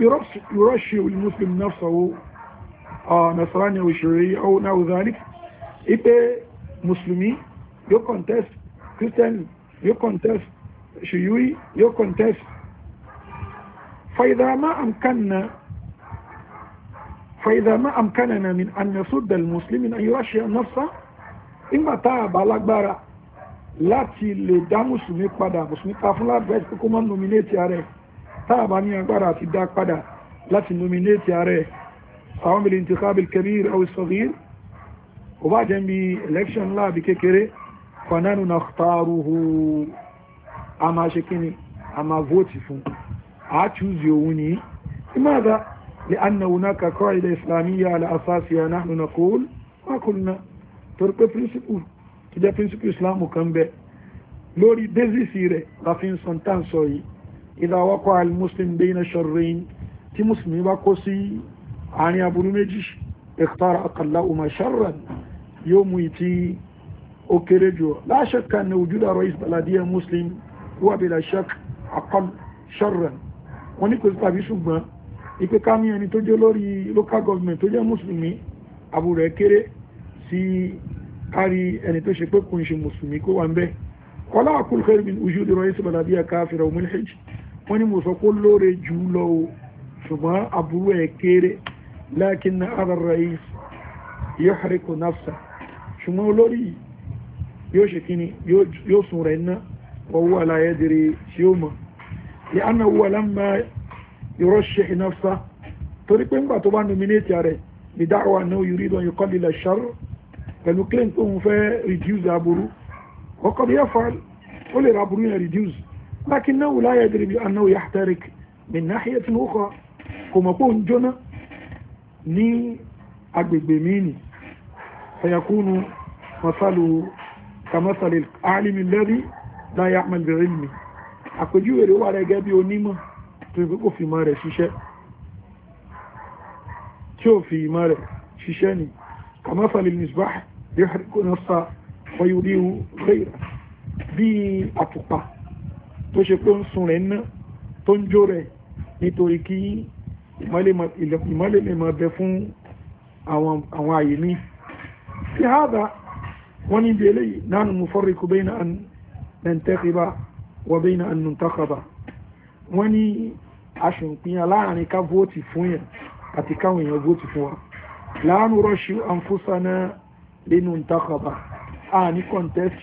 yọ́ṣe muslim nafsawo uh, nasarani òṣèré náà zalik ipe musulmi yóò contest christian yóò contest ṣùyúí yóò contest fàìdàmá amkanna فإذا ما أمكننا من أن يصد المسلم من أن يرشي نفسه إما تاب على gbára láti lè dá mùsùlùmí padà mùsùlùmí ta fún lábẹ́ẹ̀sì kókó mọ́ nominate ààrẹ táàbà ní agbára àti dá padà láti nominate ààrẹ àwọn bèèrè ti kábìl kẹrìír àwọn ìsọ̀gír ò bá jẹ́ bí election láàbí kékeré fanánù na taaruhu a máa ṣe kíni a máa vote fún a choose òun ní ìmáàdá لأن هناك قاعدة إسلامية على أساسها نحن نقول ما قلنا ترك برنسيبو تجا برنسيبو إسلام كان به لوري ديزيسيري لفين سنتان سوي إذا وقع المسلم بين شرين تي مسلمي باكوسي عني أبو نمجيش اختار أقلهما شرا يوم يتي أوكيريجو لا شك أن وجود رئيس بلدية مسلم هو بلا شك أقل شرا ونكوز بابي شبه ipe ká ní ẹni tó jẹ́ lórí local government tó jẹ́ mùsùlùmí àbù rẹ̀ kéré sí kárí ẹni tó ṣe pé kò ń ṣe mùsùlùmí kó wà ń bẹ́ẹ̀ kọ́lá àkùl khair min ojú ìdúró yìí sọ̀rọ̀ àbí ẹ̀ka àfihàn mulhij wọ́n ní mo sọ pé lóore jù lọ o ṣùgbọ́n àbúrò ẹ̀ kéré lakin na ara rais yuhriku nafsa ṣùgbọ́n olórí yóò ṣe kíni yóò sùn rẹ̀ ná yurashih nafsa torí pé ńgbà tó bá nominate rẹ̀ bi da'wa annahu yuridu an yuqallila ash-sharr pẹ̀lú claim tó ń fẹ́ reduce aburú ọkọ̀ bí yaf'al ó lè ra aburú yẹn reduce lakinnahu la yadri bi annahu yahtarik min nahiyatin ukhra kò mọ̀ pé òun jóná ní agbègbè míì ni fayakunu masalu kamasalil alimi alladhi la ya'mal bi ilmi àpèjúwe rẹ̀ wà rẹ̀ gẹ́gẹ́ bí onímọ̀ tó gbé kò fi ìmọ̀ rẹ̀ ṣiṣẹ́ tí ó fi ìmọ̀ rẹ̀ ṣiṣẹ́ ni kàmáfàlì misbah yuhriqu nafsa wa yudhi'u ghayra bí àtùpà tó ṣe pé ń sun rẹ̀ ná tó ń jó rẹ̀ nítorí kí ìmọ́lẹ̀ lè máa bẹ fún àwọn àyè míì في هذا وني بيلي نحن نفرق بين أن ننتخب وبين أن ننتخب وني aṣùnpìyàn láàrin ká vóòtì fún yẹn àti káwọn èèyàn vóòtì fún wa láàánú rọ́ṣù àǹfọ́sánà nínú ìtakọ̀bà àní contest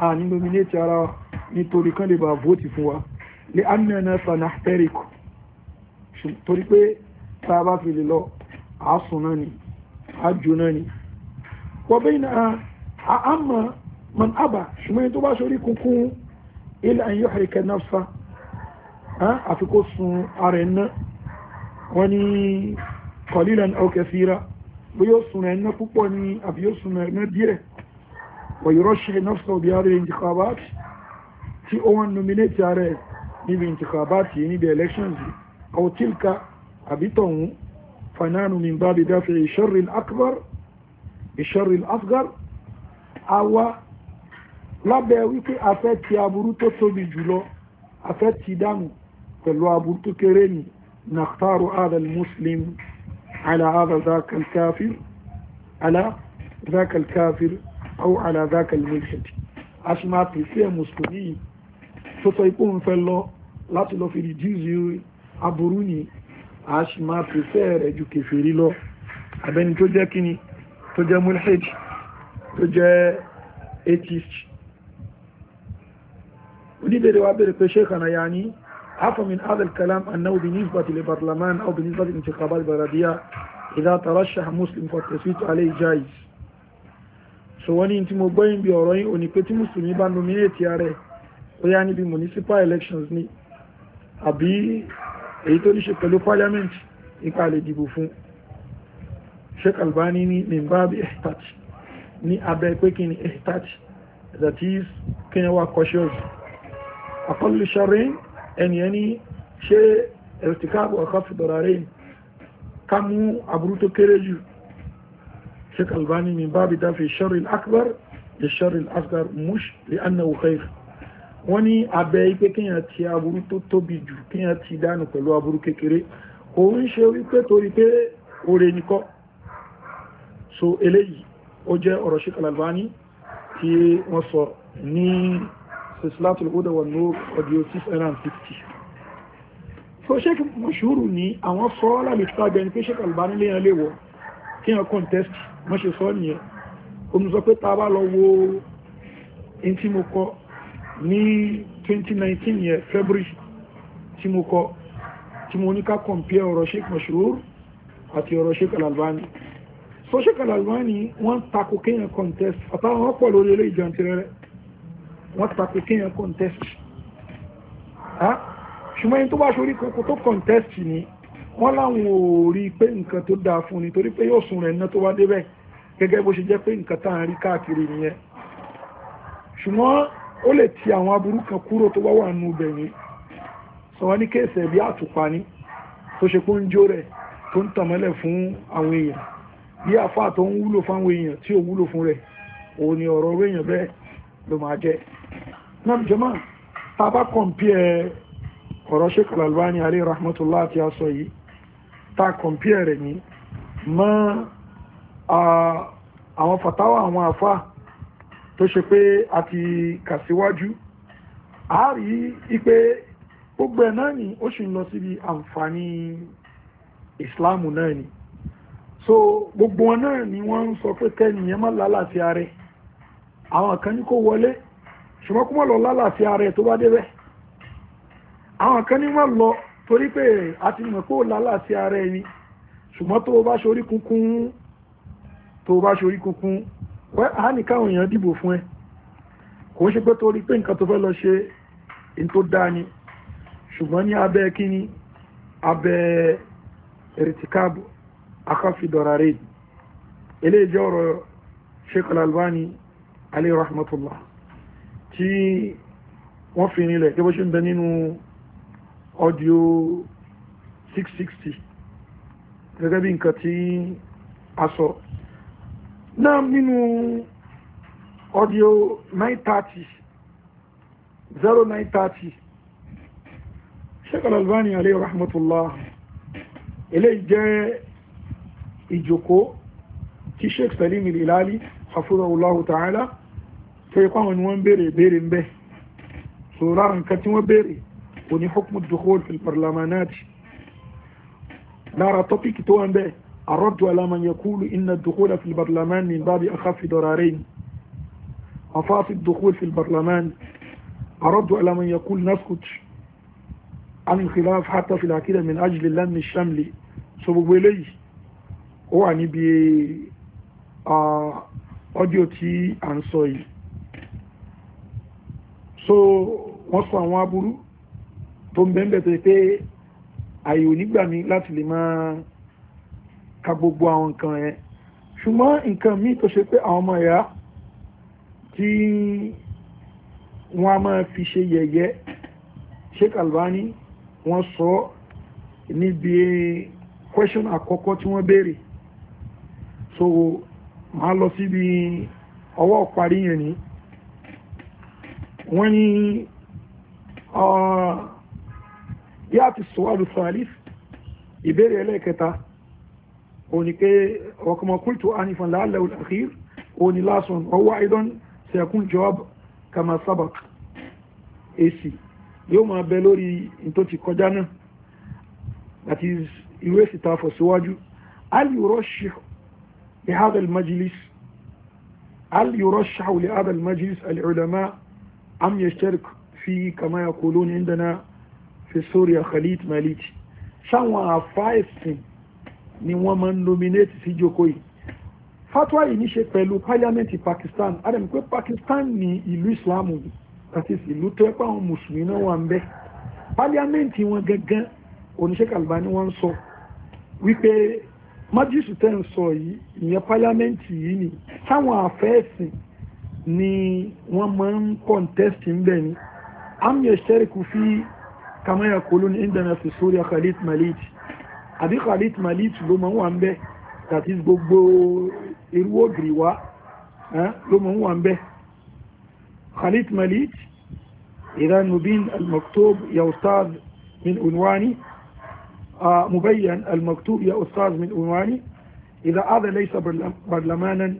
àní nominate ara wa nítorí kan lè bá vóòtì fún wa lè amẹ́nà sanahtẹ́ríkù torí pé tá a bá fi lè lọ àásùn náà ni àjò náà ni wọ́n bẹ́ẹ̀ náà àmọ́ man abà ṣùgbọ́n tó bá ṣorí kunkun ilẹ̀ àyíyọ̀ àríkẹ́ náà fa àfi kó sun ara ẹ̀ náà wọ́n ní kọ̀lílẹ̀ ọkẹ̀ síra bí yóò sun ẹ̀ náà púpọ̀ ní àbí yóò sun ẹ̀ náà díẹ̀ wọ́n yóò rọ́ṣẹ́ náà sọ̀rọ̀ bí ara ẹ̀ ń jẹ́ kàbáàtì tí ó wọ́n nominate ara ẹ̀ níbi ìtìkàbáàtì níbi elections àwọn tílka àbítọ̀hún fanánu min bá bí dáfẹ́ ìṣẹ́rìn akbar ìṣẹ́rìn asgar awa lábẹ́ wípé afẹ́ ti aburú tó tóbi jùlọ afẹ́ ti dánù pẹ̀lú aburú tó kéré ni nàktàrù adal muslim ala adal zakal kafir ala zakal kafir au ala zakal mulhid a sì máa pèsè mùsùlùmí yìí tó sọ ipò ń fẹ́ lọ láti lọ fi reduce aburú ni a sì máa pèsè rẹ̀ ju kèfèrí lọ abẹni tó jẹ́ kíni tó jẹ́ mulhid tó jẹ́ atheist oníbèrè wa bèrè pé ṣé kànáyà ni عفوا من هذا الكلام أنه بالنسبة للبرلمان أو بالنسبة للانتخابات البلدية إذا ترشح مسلم فالتصويت عليه جائز sọ̀wọ́n ní tí mo gbọ́ yín bí ọ̀rọ̀ yín òní pé tí mùsùlùmí bá nominate ààrẹ ó yá níbi municipal elections ni àbí èyí tó ní ṣe pẹ̀lú parliament nípa lè dìbò fún Sheikh Albani ní mimbabi ehtat ní abẹ́ pé kí ni ehtat that is kenya wa cautious akọlù sharin ẹni ẹni ṣe ẹ̀rọ̀tìkáàbù ọ̀kọ́ fìdọ̀rà rẹ̀ ká mú aburú tó kéré jù Sheikh Albani min bábi dáfi sharil akbar lè sharil asghar mush lè annahu khair wọ́n ní abẹ́ ipé kíyàn ti aburú tó tóbi jù kíyàn ti dánù pẹ̀lú aburú kékeré kò ń ṣe wípé torí pé oore nìkọ́ so eléyìí ó jẹ́ ọ̀rọ̀ Sheikh Albani tí wọ́n sọ ní Islatul Huda wan Nur audio 660. So Sheikh Mashuru ni àwọn sọ lábẹ́ tí a bẹni pé Sheikh Albani lè yan léwọ̀ kí yan contest wọ́n ṣe sọ nìyẹn. O mú sọ pé ta bá lọ wo in tí mo kọ ní 2019 yẹn February tí mo kọ tí mo ní ká compare ọ̀rọ̀ Sheikh Mashuru àti ọ̀rọ̀ Sheikh Albani. So Sheikh Albani wọ́n tako kéèyàn contest àtàwọn pọ̀ lórí ilé ìjọ àti rẹ̀rẹ̀ wọ́n ti pàpẹ kéèyàn contest ṣùgbọ́n ẹni tó bá ṣorí kankan tó contest ni wọ́n láwọn ò rí i pé nǹkan tó dáa fún ni torí pé yóò sun rẹ̀ ná tó wá débẹ̀ gẹ́gẹ́ bó ṣe jẹ́ pé nǹkan tá à ń rí káàkiri nìyẹn ṣùgbọ́n ó lè ti àwọn aburú kan kúrò tó bá wà nù bẹ̀yìn sọ wọn ní kéèsì ẹ̀bí àtùpà ni tó ṣe pé ó ń jó rẹ̀ tó ń tàmọ́lẹ̀ fún àwọn èèyàn bí àfáà tó ń wúlò fáwọn èèyàn tí ò wúlò fún rẹ̀ òun ni ọ̀rọ̀ orí èèyàn bẹ́ẹ̀ ló máa jẹ́ náà jọmọ́ tá a bá kọ̀m̀pìẹ̀ ọ̀rọ̀ Sheikh Al-Albani alayhi rahmatullah àti aṣọ yìí tá a kọ̀m̀pìẹ̀ rẹ̀ ní àwọn fatawa àwọn àfa tó ṣe pé a ti kà síwájú a rí i pé gbogbo ẹ̀ náà ni ó sì ń lọ síbi àǹfààní ìsìláàmù náà ni so gbogbo wọn náà ni wọ́n ń sọ pé kẹ́niyẹn má lálàáfíà rẹ̀ àwọn kan ní kó wọlé ṣùgbọ́n kó mọ̀ lọ lálàáfíà rẹ̀ tó bá débẹ̀ àwọn kan ní wọ́n lọ torí pé a mọ̀ kó lálàáfíà rẹ̀ ni ṣùgbọ́n tó o bá ṣorí kunkun tó o bá ṣorí kunkun wẹ́ á ní káwọn èèyàn dìbò fún ẹ kò ń ṣe pé torí pé nǹkan tó fẹ́ lọ ṣe in tó dáa ni ṣùgbọ́n ní abẹ́ kíní abẹ́ eritikáàbù akáfidọ̀ra rẹ̀ eléyìí jẹ́ ọ̀rọ̀ Sheikh al alayhi rahmatullah tí wọ́n fi rinlẹ̀ tí wọ́n ṣe ń bẹ nínú audio 660 gẹ́gẹ́ bí nǹkan tí a sọ náà nínú audio 930 0930 Sheikh Al-Albani alayhi rahmatullah eléyìí jẹ́ ìjòkó tí Sheikh Salim Al-Hilali hafizahullahu ta'ala tó yẹ fáwọn ni wọ́n béèrè béèrè ń bẹ́ so lára nǹkan tí wọ́n béèrè kò ní hukmu dukhul fil parlamanati lára tọ́pìkì tó wọ́n bẹ́ àrọ́dù alaman yakulu inna dukhula fil parlaman min babi akhafi dararain afafi dukhul fil parlaman àrọ́dù alaman yakulu naskut عن الخلاف حتى في العقيدة من أجل اللم الشملي سبب إليه هو يعني بي أوديو تي عن صوي so wọ́n sọ àwọn aburú tó ń bẹ́ẹ̀ bẹ́ẹ̀ pé àyè onígbà mi láti lè máa ka gbogbo àwọn nǹkan yẹn ṣùgbọ́n nǹkan míì tó ṣe pé àwọn ọmọ ẹ̀yà tí wọ́n a máa fi ṣe yẹ̀yẹ́ Sheikh Albani wọ́n sọ níbi question àkọ́kọ́ tí wọ́n béèrè so màá lọ síbi ọwọ́ parí yẹn ni wọ́n ní ah, yàtì sọ́wọ́lù sàlìf ìbéèrè ẹlẹ́ẹ̀kẹta o ní pé ọkọ̀mọ̀kúntù anifan láàlẹ̀ al-akhir o ní lásán ọwọ́ aidan sẹ́kún jawab kama sabak èsì yóò máa bẹ lórí tó ti kọjá náà that is ìwé síta fọ̀síwájú al al-majlis al-yurashih li al-ulama' am yashtarik fi kama yaquluna indana fi sóríà khalid malik sáwọn àfa ẹ̀sìn ni wọ́n máa ń nominate sí joko fatwa yìí ní ṣe pẹ̀lú parliament pakistan adam pé pakistan ni ìlú islam àti ìlú tó ẹ pé àwọn mùsùlùmí náà wà ń bẹ parliament wọn gangan oníṣẹ́ kalbani wọ́n ń sọ wípé májísù tẹ́ sọ yìí ìyẹn parliament yìí ni sáwọn àfẹ́ ẹ̀sìn ni wọ́n ma ń contest ń bẹ̀ ni am yẹ ṣẹ́rì yashtariku fi kama yaqulun indana fi Suriya Khalid malik àbí Khalid malik ló ma ń wà ń bẹ̀ that gbogbo irú ògiri wa ló ma ń wà ń bẹ̀ Khalid Malid إذا نبين المكتوب يا أستاذ من عنواني آه مبين al-maktub ya ustaz min unwani هذا adalaisa barlamanan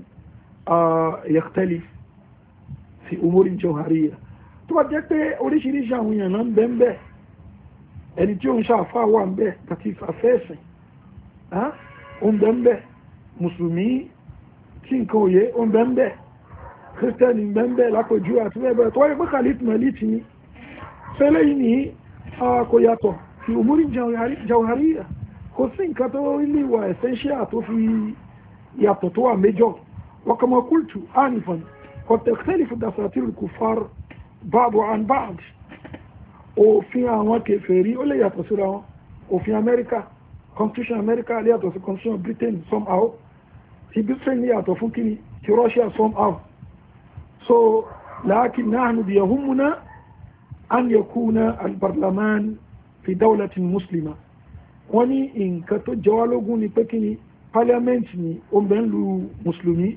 آه يختلف fi umori jọhariya tó bá jẹ́ pé oríṣiríṣi àwọn èèyàn náà ń bẹ ń bẹ ẹni tí ó ń ṣàfà wà ń bẹ àti àfẹ́ẹ̀sìn ó ń bẹ ń bẹ mùsùlùmí tí nǹkan òye ó ń bẹ ń bẹ kírísítẹ́nì ń bẹ ń bẹ lápòjú àti bẹ́ẹ̀ bẹ́ẹ̀ tó wáyé pé khalid malik ni fẹ́lẹ́ yìí ní kò yàtọ̀ fi umori jọhariya kò sí nǹkan tó ilé ìwà essential tó fi yàtọ̀ tó wà méjọ wọ́n kúltù ánìfọ̀nì قد تختلف دساتير الكفار بعض عن بعض òfin àwọn kèfèrí ó lè yàtọ̀ síra wọn òfin amẹ́ríkà constitution amẹ́ríkà lè yàtọ̀ sí constitution britain somehow ti britain lè yàtọ̀ fún kíni ti russia somehow so lakin nahnu bi yahumuna an yakuna albarlaman fi dawlatin muslima wọ́n ní nǹkan tó jẹ́ wá lógún ni pé kíni parliament ni ó ń bẹ ń lu mùsùlùmí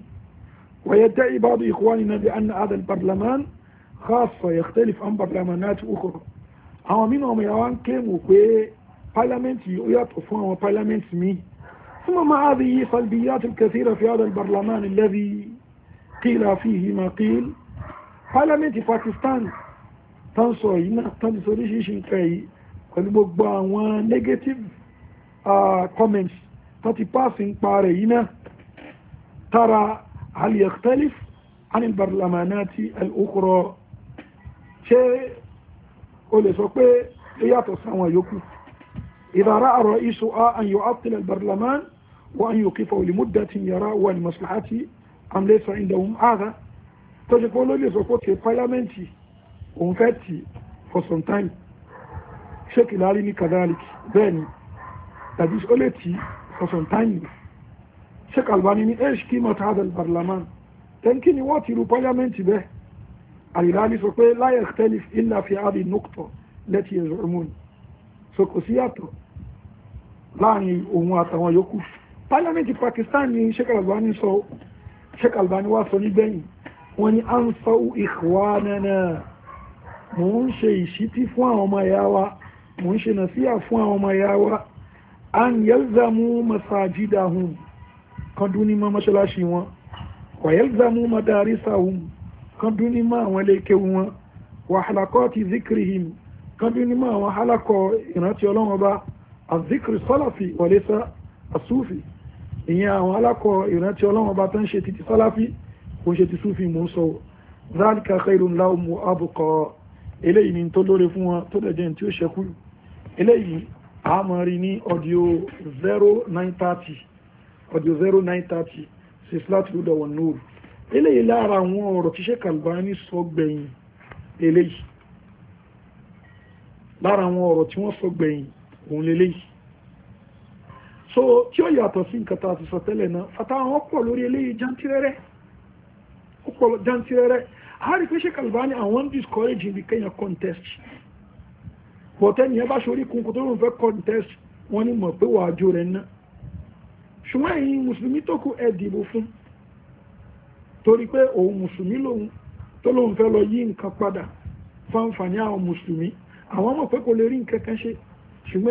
ويدعي بعض إخواننا بأن هذا البرلمان خاصة يختلف عن برلمانات أخرى أما منهم أمي كيم كيمو كي بارلمنت يؤيات أفوان وبرلمنت مي ثم مع هذه سلبيات الكثيرة في هذا البرلمان الذي قيل فيه ما قيل بارلمنت باكستان تنصري نا تنصري شيشن كي ولبقبان وان نيجاتيف آه تاتي باسين باري ترى هل يختلف عن البرلمانات الأخرى ṣé o lè sọ pé yàtọ̀ sáwọn yòókù إذا رأى الرئيس أن يعطل البرلمان وأن يوقفه لمدة يرى من مصلحته أم ليس عندهم هذا tó ṣe kó ló lè sọ pé kí pálíámẹ́ǹtì òun fẹ́ tì for some time ṣé kìláàrí ní kàdáàlì bẹ́ẹ̀ ni tàbí ó lè tì for some time sheikh albani ní eish qimmat hadha al-barlaman tẹ́ńkì ni wọ́n ti ru pálíámẹ́ǹtì bẹ́ẹ̀ àlìláàbí sọ pé la yakhtalif illa fi hadhihi an-nuqta allati yaz'umun so kò sí yàtọ̀ láàrin òun àtàwọn yòókù pálíámẹ́ǹtì pakistan ni sheikh albani sọ sheikh albani wá sọ nígbẹ̀yìn wọ́n ní ansau ikhwanana mò ń ṣe ìṣítí fún àwọn ọmọ ẹ̀yà wa mò ń ṣe nàṣíyà fún àwọn ọmọ ẹ̀yà wa an yalzamu masajidahum kan dún ní mọ́ mọ́ṣáláṣí wọn wàyẹ́lzámú mọ́dárí sáwùm kan dún ní mọ́ àwọn iléekéwu wọn wàhálàkọ́ ti zikrihim kan dún ní mọ́ àwọn hálàkọ́ ìrántí ọlọ́wọ́n bá azikri sọ́láfì wọléṣà asúfì ìyẹn àwọn alákọ̀ ìrántí ọlọ́wọ́n bá tó ń ṣe títí sọ́láfì kò ń ṣe ti súfì mò ń sọ zalika khairun lahum abqa eléyìí ni tó lóore fún wọn tó dẹ̀ jẹ́ tí ó ṣẹ́kù eléyìí àmọ́ rí ní ọdíò zero nine thirty ọjọ́ zero nine thirty six láti lúdọ̀ wọn nóòrù eléyìí lára àwọn ọ̀rọ̀ tí Sheikh Albani sọ gbẹ̀yìn eléyìí lára àwọn ọ̀rọ̀ tí wọ́n sọ gbẹ̀yìn òun leléyìí so tí ó yàtọ̀ sí nǹkan tá a ti sọ tẹ́lẹ̀ náà fata àwọn pọ̀ lórí eléyìí jantirẹ́rẹ́ ó pọ̀ jantirẹ́rẹ́ a pé Sheikh Albani àwọn discourage ibi kẹ́yìn contest bọ̀tẹ́ni ẹ bá ṣorí kunkun tó lóun fẹ́ contest wọ́n ní mọ̀ pé wàá jó rẹ̀ náà ṣùgbọ́n ẹ̀yin mùsùlùmí tó kù ẹ dìbò fún torí pé òun mùsùlùmí lòun tó lòun fẹ́ lọ yí nǹkan padà fáǹfààní àwọn mùsùlùmí àwọn ọmọ pé kò lè rí nǹkan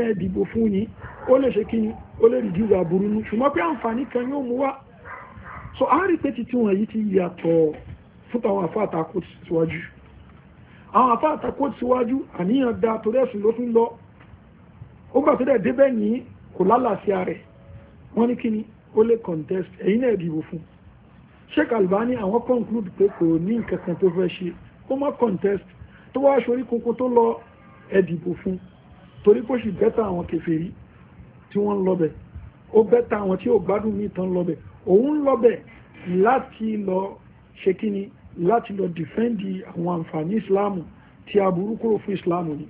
ẹ dìbò fún yín ó lè ṣe kí ni ó lè rí dídà nu kan yóò mú wá so a rí pé wọn yìí ti yàtọ̀ fún àwọn àtakò síwájú àwọn àtakò síwájú àníyàn da torí ẹ̀sùn ló lọ ó gbà tó dẹ̀ débẹ̀ yìí wọ́n ní kíni ó lè contest ẹ̀yin náà dìbò fún Sheikh Albani àwọn conclude pé kò ní nǹkan kan tó fẹ́ ṣe ó má contest tó wá aṣọ orí kókó tó lọ ẹ̀ dìbò fún torí kó sì bẹ́tà àwọn kèfèrí tí wọ́n ń lọ́bẹ̀ ó bẹ́tà àwọn tí ò gbádùn mí tán lọ́bẹ̀ òun ń lọ́bẹ̀ láti lọ ṣe kíni láti lọ dìfẹ́ǹdì àwọn àǹfààní ìsìláàmù tí aburú kúrò fún ìsìláàmù ni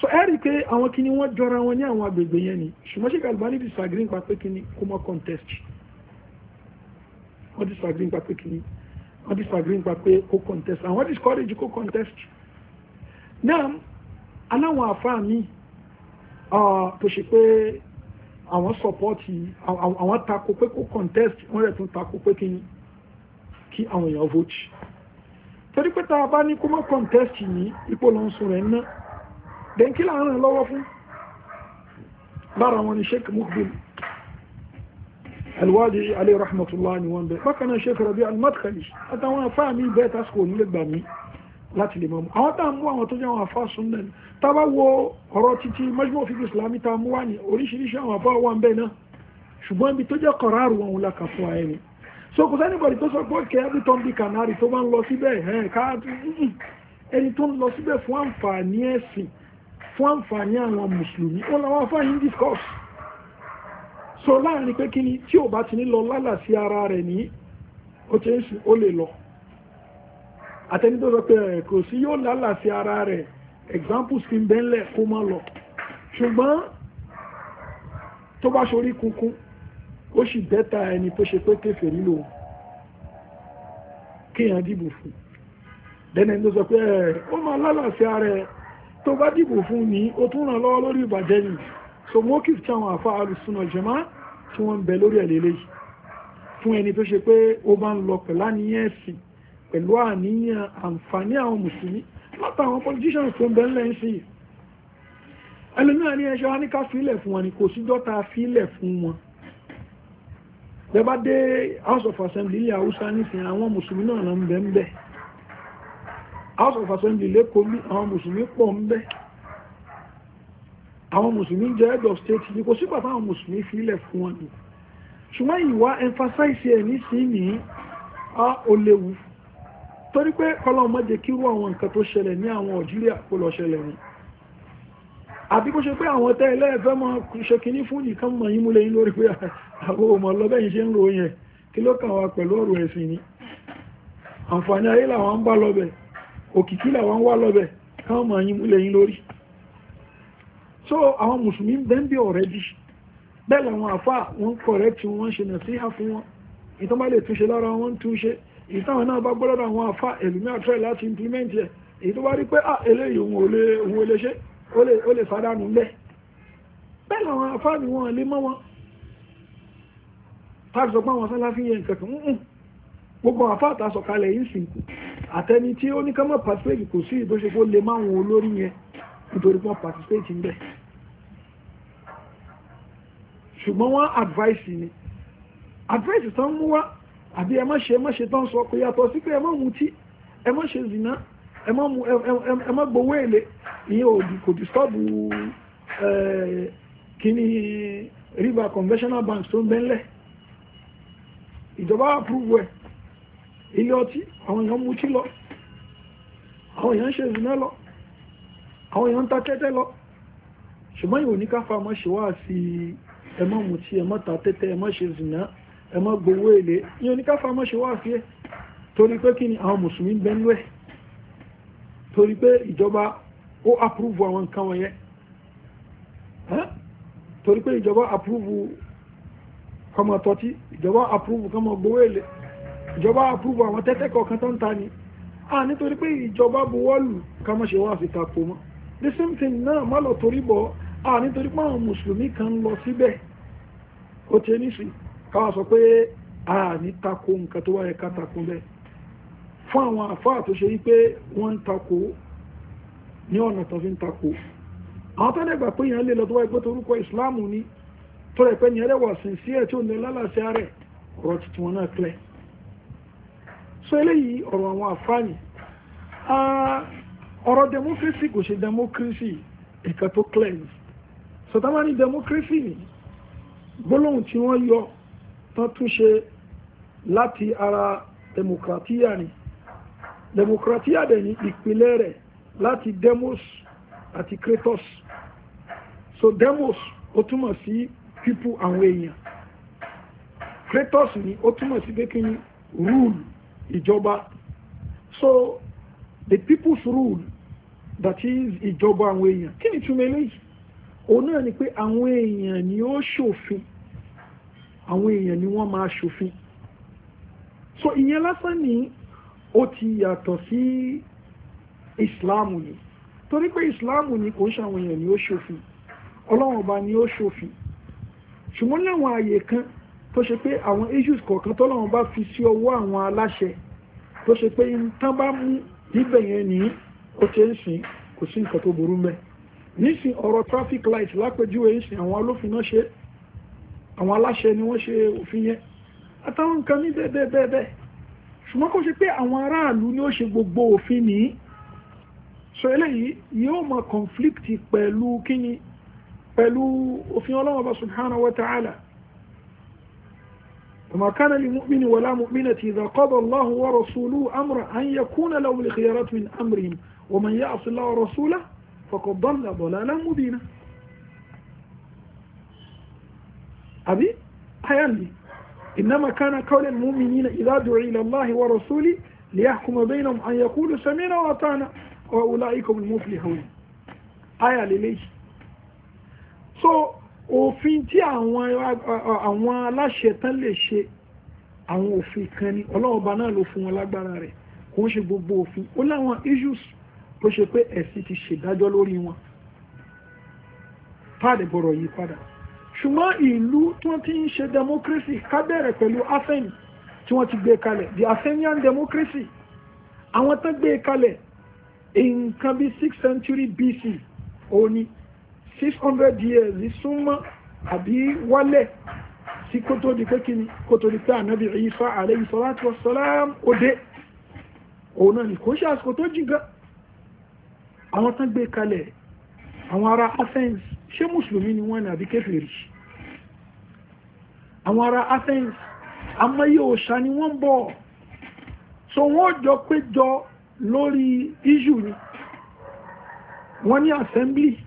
so ẹ rí i pé àwọn kìíní wọ́n jọra wọn ní àwọn agbègbè yẹn ni ṣùgbọ́n Albani disagree nípa pé kìíní kó mọ́ contest wọ́n disagree nípa pé kìíní wọ́n disagree nípa pé kó contest àwọn discourage kó contest náà aláwọn àfáà mi tó ṣe pé àwọn sọpọ́tì àwọn tako pé kó contest wọ́n rẹ̀ tún tako pé kí kí àwọn èèyàn vote torí pé tá a bá ní kó mọ́ contest ní ipò lọ́nṣun rẹ̀ náà dẹ̀nkí láàrin lọ́wọ́ fún lára wọn ni sheik mukbil alwadi alayhi rahmatullah ni wọ́n bẹ̀ bákan náà sheik rabi al-madkhali àtàwọn afá mi bẹ́ẹ̀ tásìkò nílé gbà mí láti lè mọ́mú àwọn tàà mú àwọn tó jẹ́ àwọn afá súnnà ni tàbá wo ọ̀rọ̀ títí majmu' fiqh islami tàà mú wá ní oríṣiríṣi àwọn afá wà ń bẹ̀ náà ṣùgbọ́n ibi tó jẹ́ kọ̀ráàrù wọn la kà fún ayé ni so kò sẹ́ni bọ̀dì tó sọ pé kẹ́ ẹbí tó ń bi kànárì tó bá ń lọ síbẹ̀ mm, mm, mm. ẹni tó ń lọ síbẹ̀ fún àǹfààní ẹ̀sìn fún àǹfààní àwọn mùsùlùmí wọn làwọn afáyín discuss so láàrin pé kí ni tí ò bá ti ní lọ lálà sí ara rẹ̀ ní ó ti ń sùn ó lè lọ àtẹni tó sọ pé eh, kò sí yóò lálà sí ara rẹ̀ examples fi ń bẹ́ńlẹ̀ kó má lọ ṣùgbọ́n tó bá ṣorí kunkun ó sì bẹ́ta ẹni tó ṣe pé kéfèé nílò kéèyàn dìbò fún dẹ́nẹ̀ tó sọ pé eh, ó máa lálà sí ara rẹ̀ tó bá dìbò fún ní ó tún ràn lọ́wọ́ lórí ìbàjẹ́ ni so mokif tí àwọn àfa alùsùnà jẹ́má tí wọ́n ń bẹ lórí ẹ̀lẹ́lẹ́ yìí fún ẹni tó ṣe pé ó bá ń lọ pẹ̀lú àníyàn ẹ̀sìn pẹ̀lú àníyàn àǹfààní àwọn mùsùlùmí látàwọn politicians tó ń bẹ ńlẹ̀ ń sí yìí ẹlòmíràn ní ẹṣọ́ wa ní ká fílẹ̀ fún wọn ni kò síjọ́ ta fílẹ̀ fún wọn bẹ́ẹ̀ bá dé house of assembly ilẹ̀ haúsá nísìnyí àwọn mùsùlùmí náà ń bẹ ń bẹ́ẹ̀ house of assembly lẹ́kọ̀ọ́ ní àwọn mùsùlùmí pọ̀ ń bẹ àwọn mùsùlùmí jẹ́ head of state ní kò sígbà táwọn mùsùlùmí fílẹ̀ fún wọn ni ṣùgbọ́n ìwà emphasize ẹ̀ ní sí ní a ó léwu torí pé kọlọ́mọdé kírú àwọn nǹkan tó ṣẹlẹ̀ ní àwọn Algeria kó lọ ṣẹlẹ̀ ni àbí kó ṣe pé àwọn tẹ́ ẹlẹ́ẹ̀fẹ́ mọ́ ṣe kìíní fún nìkan mọ̀ yín múlẹ̀ yín lórí pé àwọn ọmọ lọ́bẹ̀yìn ṣe ń ro yẹn kí ló kàn wá pẹ̀lú ọ̀rọ̀ ẹ̀sìn ni àǹfààní ayé làwọn ń bá lọ́bẹ̀ẹ́ òkìkílẹ̀ wọn wá lọ́bẹ̀ káwọn máa yín múlẹ̀ yín lórí so àwọn mùsùlùmí bẹ́ẹ̀ bí ọ̀rẹ́ bí bẹ́ẹ̀ làwọn àfà wọn kọ̀rẹ́ tí wọ́n ṣe nà síhà fún wọn ìtàn bá lè túnṣe lára wọn túnṣe ìtàn náà bá gbọ́dọ̀ àwọn àfà ẹ̀lùmí àtúrẹ̀ láti implement ẹ̀ èyí tó bá rí pé ah eléyìí òun ò lè ṣe ó lè sádánù lẹ̀ bẹ́ẹ̀ làwọn àfà ni wọn lè mọ́ wọn táàbí sọ pé àwọn sálá nǹkan kan gbogbo àfà àtàsọ̀kalẹ̀ yìí sìnkú àtẹni tí ó ní ká má participate kò sí ìdóṣe kó lè máa wọn olórí yẹn nítorí pé wọ́n participate ń bẹ̀ ṣùgbọ́n wọ́n advice ni advice tán mú wá àbí ẹ má ṣe ẹ má ṣe tán sọ pé yàtọ̀ sí pé ẹ má mutí ẹ má ṣe zìnà ẹ má mu ẹ má gbowó èlé ìyẹn kò disturb kíní river conventional bank tó ń bẹ́ńlẹ̀ ìjọba approve ẹ̀ ilé ọtí àwọn èèyàn mutí lọ àwọn èèyàn ṣe ìrìnà lọ àwọn èèyàn ń ta tẹ́tẹ́ lọ ṣùgbọ́n ìwò ní káfà mọ́ ṣe wá sí ẹ má mutí ẹ má ta tẹ́tẹ́ ẹ má ṣe ìrìnà ẹ má gbowó èlé ìwò ní káfà mọ́ ṣe wá sí ẹ torí pé kí ni àwọn mùsùlùmí ń bẹ́ńlú ẹ̀ torí pé ìjọba ó approve àwọn nǹkan wọ̀nyẹn torí pé ìjọba approve kọmọ tọ́tí ìjọba approve kọmọ gbowó èlé ìjọba àpúrúbù àwọn tẹ́tẹ́ kọ̀ọ̀kan tó ń ta ni a nítorí pé ìjọba buwọ́lù ká má ṣe wá àfi tako mọ́ the same thing náà má lọ torí bọ̀ a nítorí pé àwọn mùsùlùmí kan lọ síbẹ̀ ó ti ní sí káwọn sọ pé a ní tako nǹkan tó wáyé ká tako bẹ́ẹ̀ fún àwọn àfáà tó ṣe wípé wọ́n ń tako ní ọ̀nà tó fi ń tako àwọn tó dẹ̀gbà pé èèyàn lè lọ tó wáyé pé torúkọ ìsìláàmù ni tó rẹ̀ pé èèyàn lè wà sincere tí ò ní lálàáfíà rẹ̀ ọ̀rọ̀ tuntun wọn náà clear so eléyìí ọ̀rọ̀ àwọn àfáàní ọ̀rọ̀ democracy kò ṣe democracy ẹ̀ka tó cleanse sọtama ní democracy ni gbólóhùn tí wọ́n yọ tán tún ṣe láti ara democratia ni democratia dẹ̀ ní ìpìlẹ̀ rẹ̀ láti demos àti kratos so demos ó túmọ̀ sí people àwọn èèyàn kratos ni ó túmọ̀ sí pé kí ni rule Ijoba. So the people's rule that is Ijoba àwọn èèyàn kí ni túmọ̀ eléyìí òun náà ni pé àwọn èèyàn ni ó ṣòfin àwọn èèyàn ni wọ́n máa ṣòfin so ìyẹn lásán ni ó ti yàtọ̀ sí islamu ni torí pé ìsìláàmù ni kò ń ṣe àwọn èèyàn ni ó ṣòfin ọlọ́run ọba ni ó ṣòfin ṣùgbọ́n láwọn àyè kan tó ṣe pé àwọn issues kọ̀ọ̀kan tọ́lọ́run bá fi sí ọwọ́ àwọn aláṣẹ tó ṣe pé tán bá mú níbẹ̀ yẹn ní ó ti ń sìn kò sí nǹkan tó burú mẹ́ nísìn ọ̀rọ̀ traffic light lápẹjúwe ń sìn àwọn olófin náà ṣe àwọn aláṣẹ ni wọ́n ṣe òfin yẹn àtàwọn nǹkan ní bẹ́ẹ̀ bẹ́ẹ̀ bẹ́ẹ̀ bẹ́ẹ̀ ṣùgbọ́n kó ṣe pé àwọn aráàlú ni ó ṣe gbogbo òfin nìyí so eléyìí yóò mọ conflict pẹ̀lú kíni pẹ̀lú òfin ọlọ́wọ́ subhanahu wa ta'ala وما كان لمؤمن ولا مؤمنة إذا قضى الله ورسوله أمرا أن يكون لهم الخيارات من أمرهم ومن يعص الله ورسوله فقد ضل ضلالا مبينا أبي لي إنما كان قول المؤمنين إذا دعوا إلى الله ورسوله ليحكم بينهم أن يقولوا سمعنا وأطعنا وأولئك هم المفلحون آية لليش So òfin tí àwọn aláṣẹ tán lè ṣe àwọn òfin kan ni ọlọ́ọ̀ba náà ló fún wọn lágbára rẹ̀ kò ń ṣe gbogbo òfin ó láwọn issues tó ṣe pé ẹ̀sìn ti ṣèdájọ́ lórí wọn páàdì bọ̀rọ̀ yìí padà ṣùgbọ́n ìlú tí wọ́n ti ń ṣe democracy ká bẹ̀rẹ̀ pẹ̀lú Athens tí wọ́n ti gbé kalẹ̀ the Athenian democracy àwọn tán gbé kalẹ̀ nǹkan bíi six century BC òní six years súnmọ́ àbí wálẹ̀ sí kó tó di pé kí ni kó tó di pé ànábì Ìsá alayhi salatu wassalam òde òun náà ni kò ṣe àsìkò tó jìgá àwọn tán gbé kalẹ̀ àwọn ará Athens ṣé mùsùlùmí ni wọ́n ní àbí kèfèrí àwọn ará Athens amáyé òòṣà ni wọ́n bọ̀ so wọ́n jọ péjọ lórí issue ni wọ́n ní assembly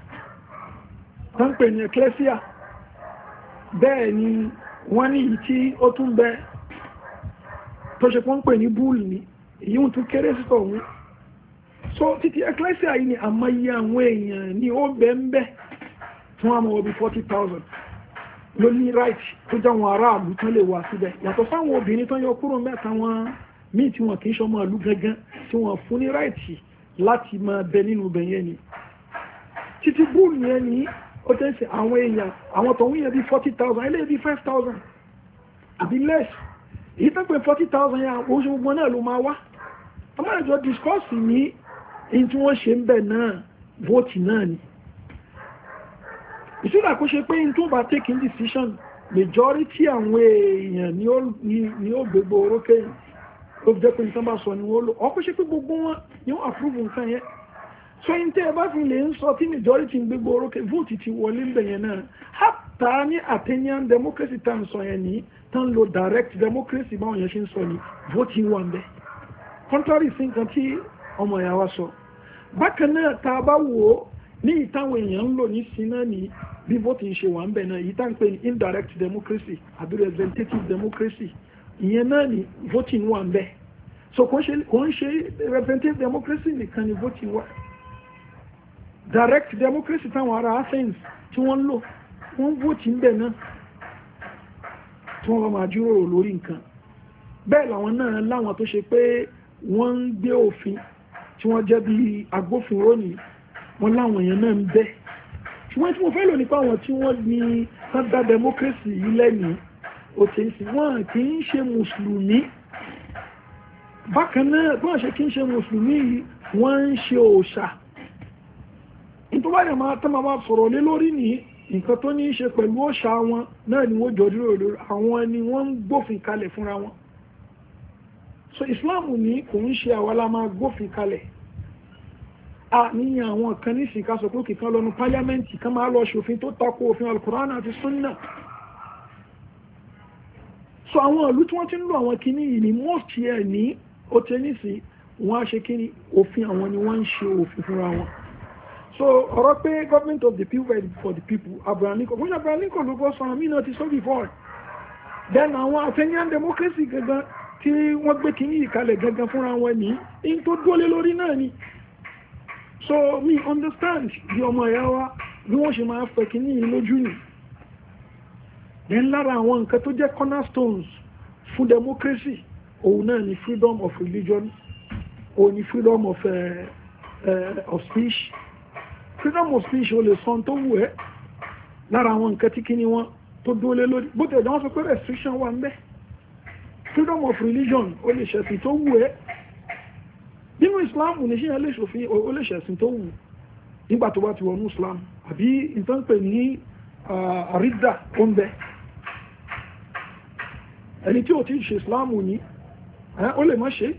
tán pè ní ecclesia bẹ́ẹ̀ ni wọ́n ní yìí tí ó tún bẹ tó ṣe pọ́n pè ní búùlù ni èyí ń tún kéré sí tọ̀hún so títí ecclesia yìí ni àmọ́yé àwọn èèyàn ni ó bẹ́ẹ̀ ń bẹ́ẹ̀ fún àmọ́ ọbí forty thousand ló ní right tó jẹ́ àwọn aráàlú tán lè wá síbẹ̀ yàtọ̀ sáwọn obìnrin tán yọ kúrò mẹ́ta wọn míì tí wọn kì í ṣọmọ ìlú gangan tí wọn fún ní right láti máa bẹ nínú ibẹ̀ ni títí búùlù yẹn ni ó jẹ́ sí àwọn èèyàn àwọn tó ń yẹn bí forty thousand eléyìí bí five thousand àbí less èyí tó pé forty thousand yẹn àwọn oṣù gbogbo náà ló máa wá ọmọ ìjọ discuss ní in tí wọ́n ṣe ń bẹ̀ náà vote náà ni ìṣúra kó ṣe pé in tó bá taking decision majority àwọn èèyàn ni ó gbogbo orókè ló jẹ́ pé nǹkan bá sọ ni wọ́n lò ọkọ̀ ṣe pé gbogbo wọn ni wọ́n approve nǹkan yẹn sẹ́yìn tẹ́ ẹ bá fi lè ń sọ tí majority ń gbégbó orókè vóòtù ti wọlé ń bẹ̀yẹn náà hapta ní athenian democracy tá ń sọ yẹn ní tá ń lo direct democracy báwọn yẹn ṣe ń sọ yìí vóòtù wà ń bẹ̀ contrary sí nǹkan tí ọmọ ìyá wa sọ bákan náà tá a bá wò ó ní ìtàwọn èèyàn ń lò ní sinna ní bí vóòtù ń ṣe wà ń bẹ̀ náà yìí tá ń pè ní indirect democracy àbí representative democracy ìyẹn náà ní vóòtù wà ń bẹ̀ so kò ń ṣe representative democracy nìkan ní vóòtù wà direct democracy táwọn ará Athens tí wọ́n ń lò wọ́n ń vóòtì ńbẹ̀ náà tí wọ́n bá máa jíròrò lórí nǹkan bẹ́ẹ̀ làwọn náà láwọn tó ṣe pé wọ́n ń gbé òfin tí wọ́n jẹ́ bí agbófinró ni wọ́n láwọn èèyàn náà ń bẹ ṣùgbọ́n tí mo fẹ́ lò nípa àwọn tí wọ́n ní sábà democracy yìí lẹ́nu òtí ń sìn wọ́n kì í ṣe mùsùlùmí bákan náà bí wọ́n ṣe kì í ṣe mùsùlùmí yìí wọ́n ń ṣe òòṣà tó bá yẹ máa tán máa fọ̀rọ̀ lé lórí nìyí nǹkan tó ní í ṣe pẹ̀lú òòṣà wọn náà ni wọ́n jọdúró lórí àwọn ni wọ́n ń gbófin kalẹ̀ fúnra wọn so Islam ní kò ń ṣe àwa la máa gbófin kalẹ̀ a ní àwọn kan nísìn ká sọ pé kìkan lọ́nu páyámẹ́ǹtì kan máa lọ ṣòfin tó tako òfin alukurana àti sunna so àwọn ìlú tí wọ́n ti ń lo àwọn kinní yìí ni most yẹ ní ó tẹ́ nísìn wọ́n á ṣe kinní òfin àwọn ni wọ́n ń ṣe òfin fúnra wọn so ọ̀rọ̀ pé government of the people for the people Abraham Lincoln wọ́n ní Abraham Lincoln ló gbọ́ sọ̀rọ̀ mí náà ti sọ before then àwọn àfẹ́yàn democracy gangan tí wọ́n gbé kínní ìkalẹ̀ gangan fúnra wọn ní in tó dólé lórí náà ni so me understand bí ọmọ ẹ̀yà wa bí wọ́n ṣe máa fẹ́ kínní yìí lójú ni then lára àwọn nǹkan tó jẹ́ cornerstones fún democracy òun náà ni freedom of religion òun ni freedom of, uh, uh, of speech freedom of speech o lè sọ tó wù ẹ́ lára àwọn nǹkan tí kíni wọn tó dúólé lórí bó tẹ̀lé wọn sọ pé restriction wà ń freedom of religion o lè ṣẹ̀sìn tó wù ẹ́ nínú islam ní ṣíyàn lè ṣòfin o lè ṣẹ̀sìn tó wù nígbà tó bá ti wọnú islam àbí nǹkan pè ní àrídà ó ń bẹ ẹni tí ò ti ṣe islam ní ó lè má ṣe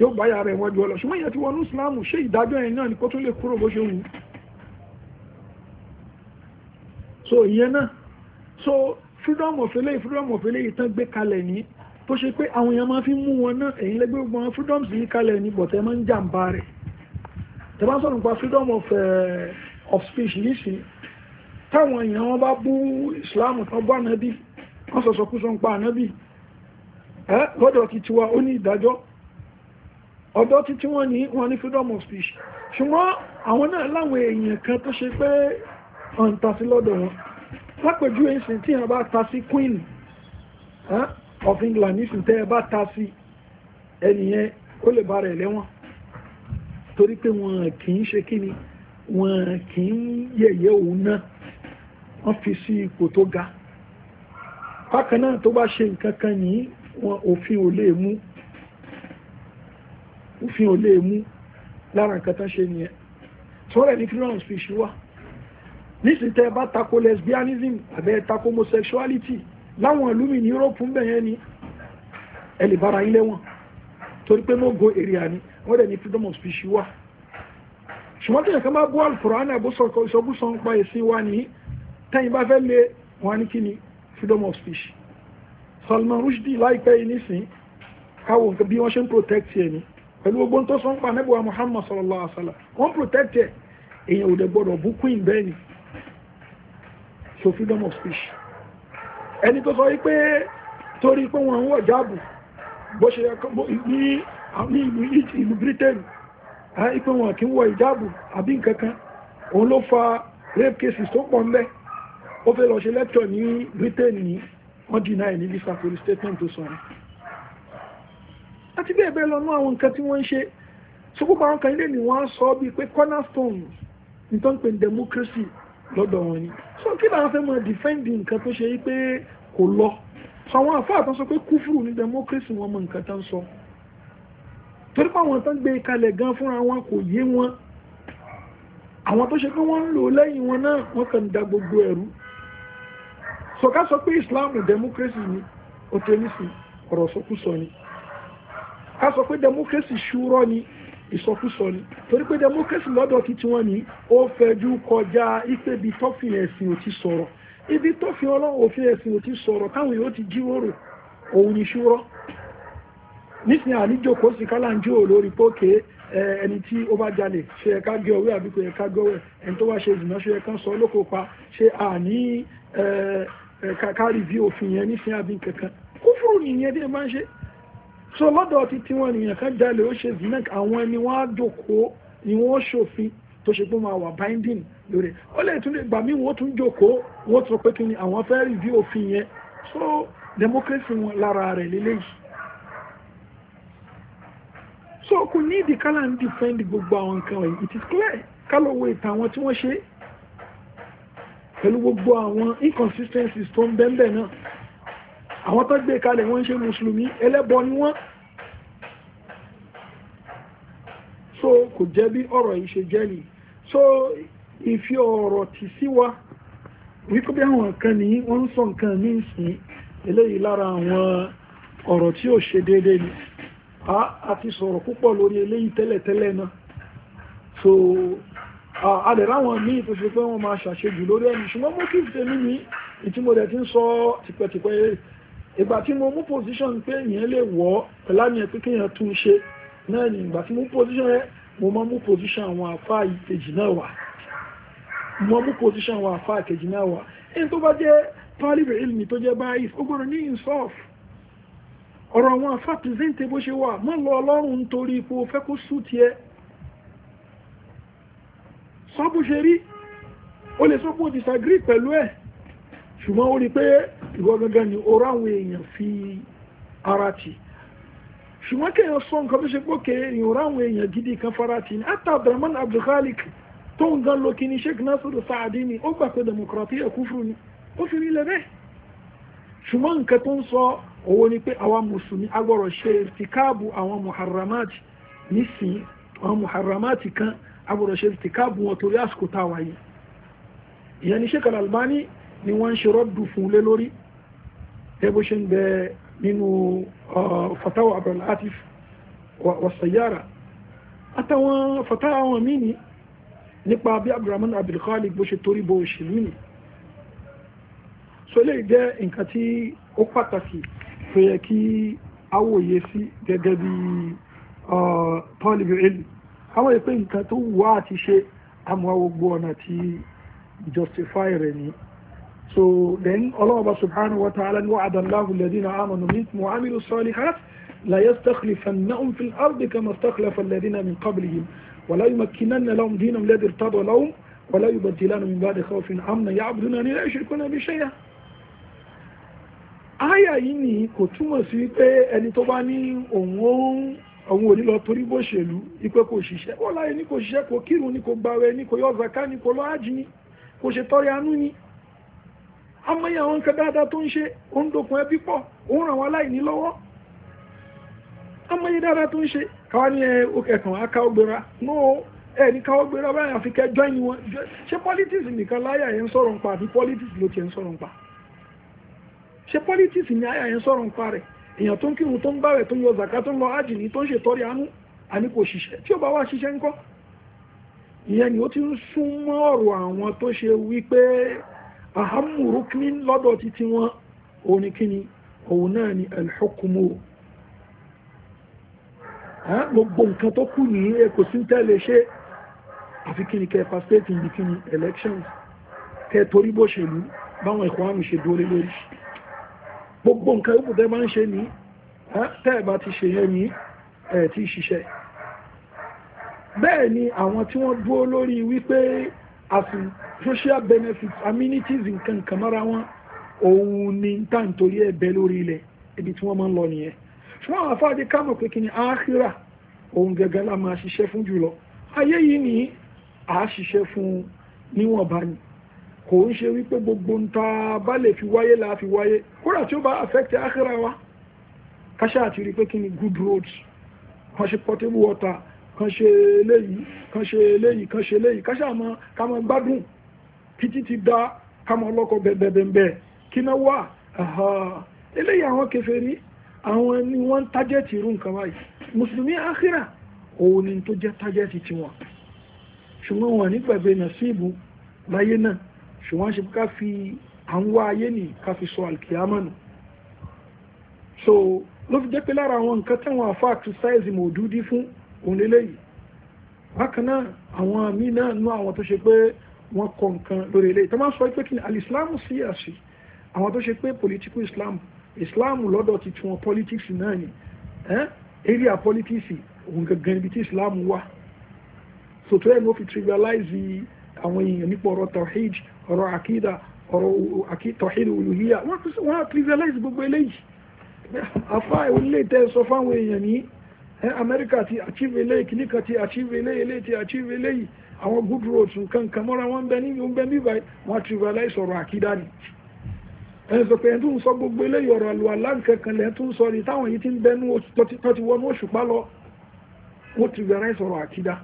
yóò báyà rẹ̀ wọ́n jù ọ lọ ṣùgbọ́n ìyẹn ti wọnú islam ṣé ìdájọ́ yẹn náà ni kó tún lè kúrò bó ṣe wù ú so ìyẹn náà so freedom of eléyìí freedom of eléyìí tán gbé kalẹ̀ ní tó ṣe pé àwọn èèyàn máa fi mú wọn náà èyí lẹ́gbẹ́ gbogbo àwọn freedoms yìí kalẹ̀ ní bọ̀tẹ́ máa ń jàǹbá rẹ̀ tẹ́ bá sọ̀rọ̀ nípa freedom of, uh, of speech nísìn táwọn èèyàn wọn bá bú Islam tán bú ànábì wọ́n sọ̀sọ̀ kú sọ ń pa ànábì ẹ́ lọ́dọ̀ ti tiwa ó ní ìdájọ́ ọ̀dọ́ títí wọ́n ní wọ́n ní freedom of speech ṣùgbọ́n àwọn náà láwọn èèyàn kan tó ṣe pé ọ̀n ta sí lọ́dọ̀ wọn lápẹ̀jú èsì tí ẹ bá ta queen of England nísìn tẹ́ ẹ bá ta sí ẹnìyẹn ó lè bá rẹ̀ lẹ́wọ̀n torí pé wọn kì í ṣe kí ni wọn kì í yẹ̀yẹ́ òun náà wọ́n fi sí ipò tó ga bákan náà tó bá ṣe nǹkan kan ní wọn òfin ò lè mú òfin ò lè mú lára nǹkan tán ṣe nìyẹn sọ́rọ̀ ẹni tí wọ́n fi ṣe nísìnyí tẹ́ ẹ bá tako lesbianism àbẹ́ tako homosexuality láwọn ìlú mi ní Europe ń bẹ̀ yẹn ni ẹ lè bára ilé wọn torí pé no go area ni wọ́n dẹ̀ ní freedom of speech wà ṣùgbọ́n tí ẹ̀ka bá bú alukur'an àbúsọ̀kọ ìṣọ́gùsọ̀ ń pa ẹ̀sìn wa ní tẹ́yìn bá fẹ́ lé wọn ní ni freedom of speech Salman Rushdie láìpẹ́ yìí nísìn káwọn bí wọ́n ṣe ń protect ẹ̀ ni pẹ̀lú gbogbo tó sọ pa nẹ́bùwà Muhammad sallallahu alaihi wa sallam wọ́n protect ẹ̀ èèyàn ò dẹ̀ gbọ́dọ̀ bú queen so freedom of speech ẹni tó sọ wípé torí pé wọ́n ń wọ̀ jáàbù bó ṣe ní ìlú Britain ipé wọn kí ń wọ ìjáàbù àbí nkankan òun ló fa rape cases tó pọ̀ ńlẹ̀ ó fẹ́ lọ ṣe lecture ní Britain ní wọ́n dìnnà ẹ̀ ní visa police statement tó sọ àti bẹ́ẹ̀ bẹ́ẹ̀ lọ́nà àwọn nǹkan tí wọ́n ń ṣe so gbogbo àwọn kan ilé ni wọ́n á sọ bíi pé cornerstone nítorí pé democracy lọ́dọ̀ wọn ni so kí làwọn fẹ́ máa dìfẹ́ǹdì nǹkan tó ṣe pé kò lọ àwọn àfáà tó sọ pé kúfùrù ní democracy wọn mọ nǹkan tó ń sọ torí pé àwọn tó ń gbé kalẹ̀ gan fúnra wọn kò yé wọn àwọn tó ṣe pé wọ́n ń lò lẹ́yìn wọn náà wọ́n kàn da gbogbo ẹ̀rú sọ̀ká sọ pé Islam democracy ni òtẹ́lísì ọ̀rọ̀ sọkúsọ ni ká sọ pé democracy ṣúrọ́ ni ìsọkúsọ ni torí pé democracy lọ́dọ̀ ti tiwọn ni ó fẹjú kọjá ìpèbí tọ́fin ẹ̀sìn ò ti sọ̀rọ̀ ibi tọ́fin ọlọ́run òfin ẹ̀sìn ò ti sọ̀rọ̀ táwọn yóò ti jíròrò òun ni ṣúrọ́ nísìnyí àníjòkó sí kálánjú ò lórí pókè ẹni tí ó bá jalè ṣe ẹ̀ka gé ọwé àbí kò ẹ̀ka gọ́wẹ̀ ẹni tó wá ṣe ìdùnnà ṣe ẹ̀ka sọ lóko pa ṣe àní ẹ̀ka kárí bí òfin yẹn nísìnyí àbí kankan kúfùrù nìyẹn bí ẹ máa ń ṣe so lọ́dọ̀ ti tí wọ́n ènìyàn kan jalè ó ṣe zinek àwọn ni wọ́n á jókòó ni wọ́n ṣòfin tó ṣe pé máa wà binding lórí ó lè tún lè gbà mí wọ́n tún jókòó wọ́n sọ pé kí ni àwọn fẹ́ rí bí òfin yẹn so democracy wọn lára rẹ̀ lélẹ́yìí so kò ní ìdí kálá ń defend gbogbo àwọn nǹkan wọ̀nyí it is clear kálọ̀ wo ìtàn àwọn tí wọ́n ṣe pẹ̀lú gbogbo àwọn inconsistencies tó ń bẹ́ẹ̀ bẹ́ẹ̀ náà àwọn tó gbé kalẹ̀ wọ́n ń ṣe mùsùlùmí ẹlẹ́bọ ni wọ́n so kò jẹ́ bí ọ̀rọ̀ yìí ṣe jẹ́ nìyí so ìfi ọ̀rọ̀ tì sí wa wípé bí àwọn kan nìyí wọ́n ń sọ nǹkan ní ìsìn eléyìí lára àwọn ọ̀rọ̀ tí ó ṣe déédéé ni a àti sọ̀rọ̀ púpọ̀ lórí eléyìí tẹ́lẹ̀tẹ́lẹ̀ náà so a lè ráwọn míì tó ṣe pé wọ́n máa ṣàṣejù lórí ẹni ṣùgbọ́n mo kí tèmi ní ìtí mo dẹ̀ ti ń sọ tipẹ́tipẹ́ ìgbà tí mo mú position pé èèyàn lè wọ̀ ọ́ pẹ̀lú àmì ẹ̀pẹ́ kéèyàn tún ṣe náà ni ìgbà tí mo mú position yẹn mo máa mú position àwọn àfa ìkejì náà wà mo mú position àwọn àfa ìkejì náà wà èyí tó bá jẹ́ pálíbẹ̀ ilmi tó jẹ́ báyìí ó gbọ́dọ̀ ní insof ọ̀rọ̀ àwọn àfa pìzẹ́ǹtẹ̀ bó ṣe wà má lọ ọlọ́run nítorí ipò fẹ́ kó sùn tiẹ̀ sọ ṣe rí o lè sọ pé o disagree pẹ̀lú ẹ̀ ṣùgbọ́n ó rí pé ìwọ gangan ni oró àwọn èèyàn fi ara tì ṣùgbọ́n kéèyàn sọ nǹkan tó ṣe pé òkè ni oró àwọn èèyàn gidi kan fara tì ní ata abdulrahman abdulkhalik tó ń gan lókì ní sheikh nasiru saadi ni ó gbà pé democratia kúfùrù ni ó fi rí lẹ́bẹ̀ẹ́ ṣùgbọ́n nǹkan tó ń sọ owó ni pé àwa mùsùlùmí agbọ́rọ̀ ṣe irtikabu àwọn muharramati nísìnyí àwọn muharramati kan agbọ́rọ̀ ṣe irtikabu wọn torí àsìkò táwa yìí ìyẹn ni sheikh al-albani ni wọ́n ń ṣe rọ́dù fún lé lórí ẹbó ṣe ń bẹ nínú fatawa abdul atif wasayara àtàwọn fatawa àwọn míì ni nípa bí abdulrahman abdulkhalik bó ṣe torí bó ṣe mí ni so lè jẹ́ nǹkan tí ó pàtàkì tó yẹ kí awòye sí gẹ́gẹ́ bí tọ́lìbì ilmi àwọn ìpé nǹkan tó wà àti ṣe àmọ́ gbogbo ọ̀nà tí justify rẹ̀ ni so then ọlọ́ọ̀bá subhanahu wa ta'ala ni wa'ada Allahu alladhina amanu minkum wa 'amilu s-salihat la yastakhlifannahum fil ardi kama istakhlafa alladhina min qablihim wa la yumakkinanna lahum dinahum alladhi irtada lahum wa la yubaddilannahum min ba'di khawfin amna ya'budunani la yushrikuna bi shay'an àyà yìí ni kò túmọ̀ sí pé ẹni tó bá ní òun òun òun ò ní lọ torí bó ṣèlú ipe kò ṣiṣẹ́ wọ́n láyé ní kò ṣiṣẹ́ kò kírun ní kò gbàwẹ̀ ní kò yọ amóye àwọn nǹkan dáadáa tó ń ṣe ó ń dokun ẹbí pọ̀ ó ń ràn wọ́n láì ní lọ́wọ́ amóye dáadáa tó ń ṣe káwá ní òkè kan aká ògbéra no ẹ ní káwọ́ ògbéra báyìí àfi kẹ́ join wọn ṣé politics nìkan láyà yẹn ń sọ̀rọ̀ nípa àbí politics ló ti ń sọ̀rọ̀ nípa ṣé politics ni àyà yẹn sọ̀rọ̀ nípa rẹ̀ èèyàn tó ń kírun tó ń bàwẹ̀ tó ń yọ zàká tó ń lọ ájìní tó ń ṣètọ́rẹ̀ àánú àní kò ṣiṣẹ́ tí ó bá wá ṣiṣẹ́ ńkọ́ ìyẹn ni ó ti ń súnmọ́ ọ̀rọ̀ àwọn tó ṣe wípé ahamu ruknin lọ́dọ̀ títí wọn òun ni kíni òun náà ni alhukumu gbogbo nǹkan tó kù ní èkó sí ṣe àfi kíni kẹ́ pàṣẹ́tì ní elections kẹ́ torí bó ṣèlú báwọn ẹ̀kọ́ àmì ṣe dúró lórí gbogbo nǹkan yóò tẹ́ máa ń ṣe ní tẹ́ẹ̀bá ti ṣe yẹn ní ẹ̀ tí ṣiṣẹ́ bẹ́ẹ̀ ni àwọn tí wọ́n dúró lórí wípé àsìn social benefits amenities nǹkan nǹkan mọ́ra wọn òun ni tá n torí ẹ̀ bẹ́ lórí ilẹ̀ ibi tí wọ́n máa ń lọ nìyẹn ṣùgbọ́n àwọn afáàdé kánò pé kí ni áhírà òun gẹ́gẹ́ la máa ṣiṣẹ́ fún jùlọ ayé yìí ni à ṣiṣẹ́ fún níwọ̀nba ni kò ń ṣe wípé gbogbo ń bá lè fi wáyé la fi wáyé kódà tí ó bá affect áhírà wa káṣá àti rí pé kí ni good roads wọ́n ṣe portable water kan ṣe eléyìí kan ṣe eléyìí kan ṣe eléyìí ká ṣàmọ ká mọ gbádùn títí ti dá ká mọ ọlọ́kọ̀ kí náà wà eléyìí àwọn kèfèrí àwọn ni wọ́n ń tájẹ́tì irú nǹkan báyìí mùsùlùmí áhírà òun ni tó jẹ́ tájẹ́tì tiwọn ṣùgbọ́n wọn nígbàgbé náà sí ìbú láyé náà ṣùgbọ́n ṣe ká fi àwọn ayé nì ká fi sọ alkiyama so ló fi jẹ́ pé lára àwọn nǹkan táwọn àfa àtúnṣáìzì mòdúdí fún òun lélẹ́yìí bákan náà àwọn àmì náà nú àwọn tó ṣe pé wọ́n kọ nǹkan lórí eléyìí tó máa sọ pé kí ni alìsílámù sí àṣì àwọn tó ṣe pé political islam islam lọ́dọ̀ ti tiwọn politics náà ni area politics òun gangan ibi tí islam wà sòtò ẹ̀ ní ó fi trivialize àwọn èèyàn nípa ọ̀rọ̀ tawhid ọ̀rọ̀ akida ọ̀rọ̀ tawhid olùhíyà wọ́n á trivialize gbogbo eléyìí afá ìwọlé tẹ́ sọ fáwọn èèyàn ní amẹ́ríkà ti achieve eléyìí kìnnìkà ti achieve eléyìí eléyìí ti achieve eléyìí àwọn good roads nǹkan kan mọ́ra wọn bẹ ní ìhun bẹ bíbá wọn ti rẹ̀ láì sọ̀rọ̀ àkídá ni ẹni sọ pé ẹni tó ń sọ gbogbo eléyìí ọ̀rọ̀ àlùwà láǹkẹ́ kan lẹ́yìn tó ń sọ ni táwọn yìí ti ń bẹnu tó ti wọnú òṣùpá lọ wọ́n ti rẹ̀ láì sọ̀rọ̀ àkídá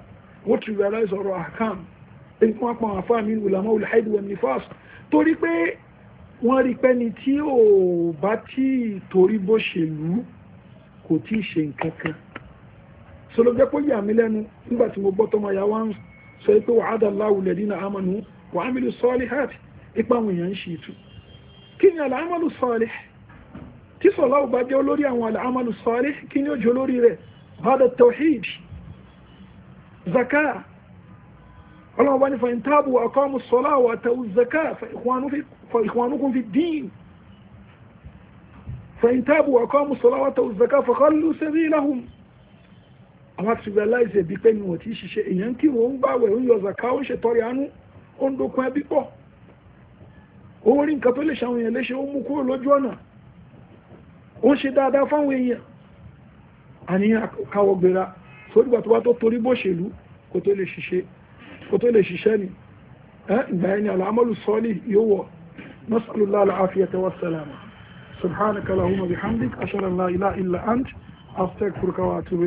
wọ́n ti rẹ̀ láì sọ̀rọ̀ àkàm èyí àwọn afáàmì ìlànà sọlọ jẹ́ kó yà mí lẹ́nu nígbà tí mo gbọ́ tọmọ ya wá ń sọ pé wa'ada Allahu alladhina amanu wa amilu salihat ipa àwọn èèyàn ń ṣe ètò kí ni al-amalu salih tí sọlá ò bá jẹ́ olórí àwọn al-amalu salih kí ni ó jẹ́ olórí rẹ̀ bada tawhid zaka ọlọ́run bá ní fa in tabu wa aqamu s-salata zaka fa ikhwanukum fi d fa in tabu wa aqamu s-salata zaka fa khallu sabilahum àwọn ti realize ẹbí pé ìwọ̀n ti ṣiṣẹ́ èèyàn kí wọ́n gbàwẹ̀ ó yọ zaka ó ṣètọ́rẹ̀ àánú ó ń dokun ẹbí pọ̀ owó rí nǹkan tó lè ṣàwọn èèyàn léṣe ó mú kúrò lójú ọ̀nà ó ń ṣe dáadáa fáwọn èèyàn àníyàn káwọ́ gbéra sódìgbà tó bá tó torí bóṣèlú kó tó lè ṣiṣẹ́ ni ìgbà yẹn ni alamọ́lù sọ́ọ́lì yóò wọ̀ nasalullah alafiyata wa salama subhanaka lahumma bihamdik ashara ilaha illa ant astaghfiruka wa atubu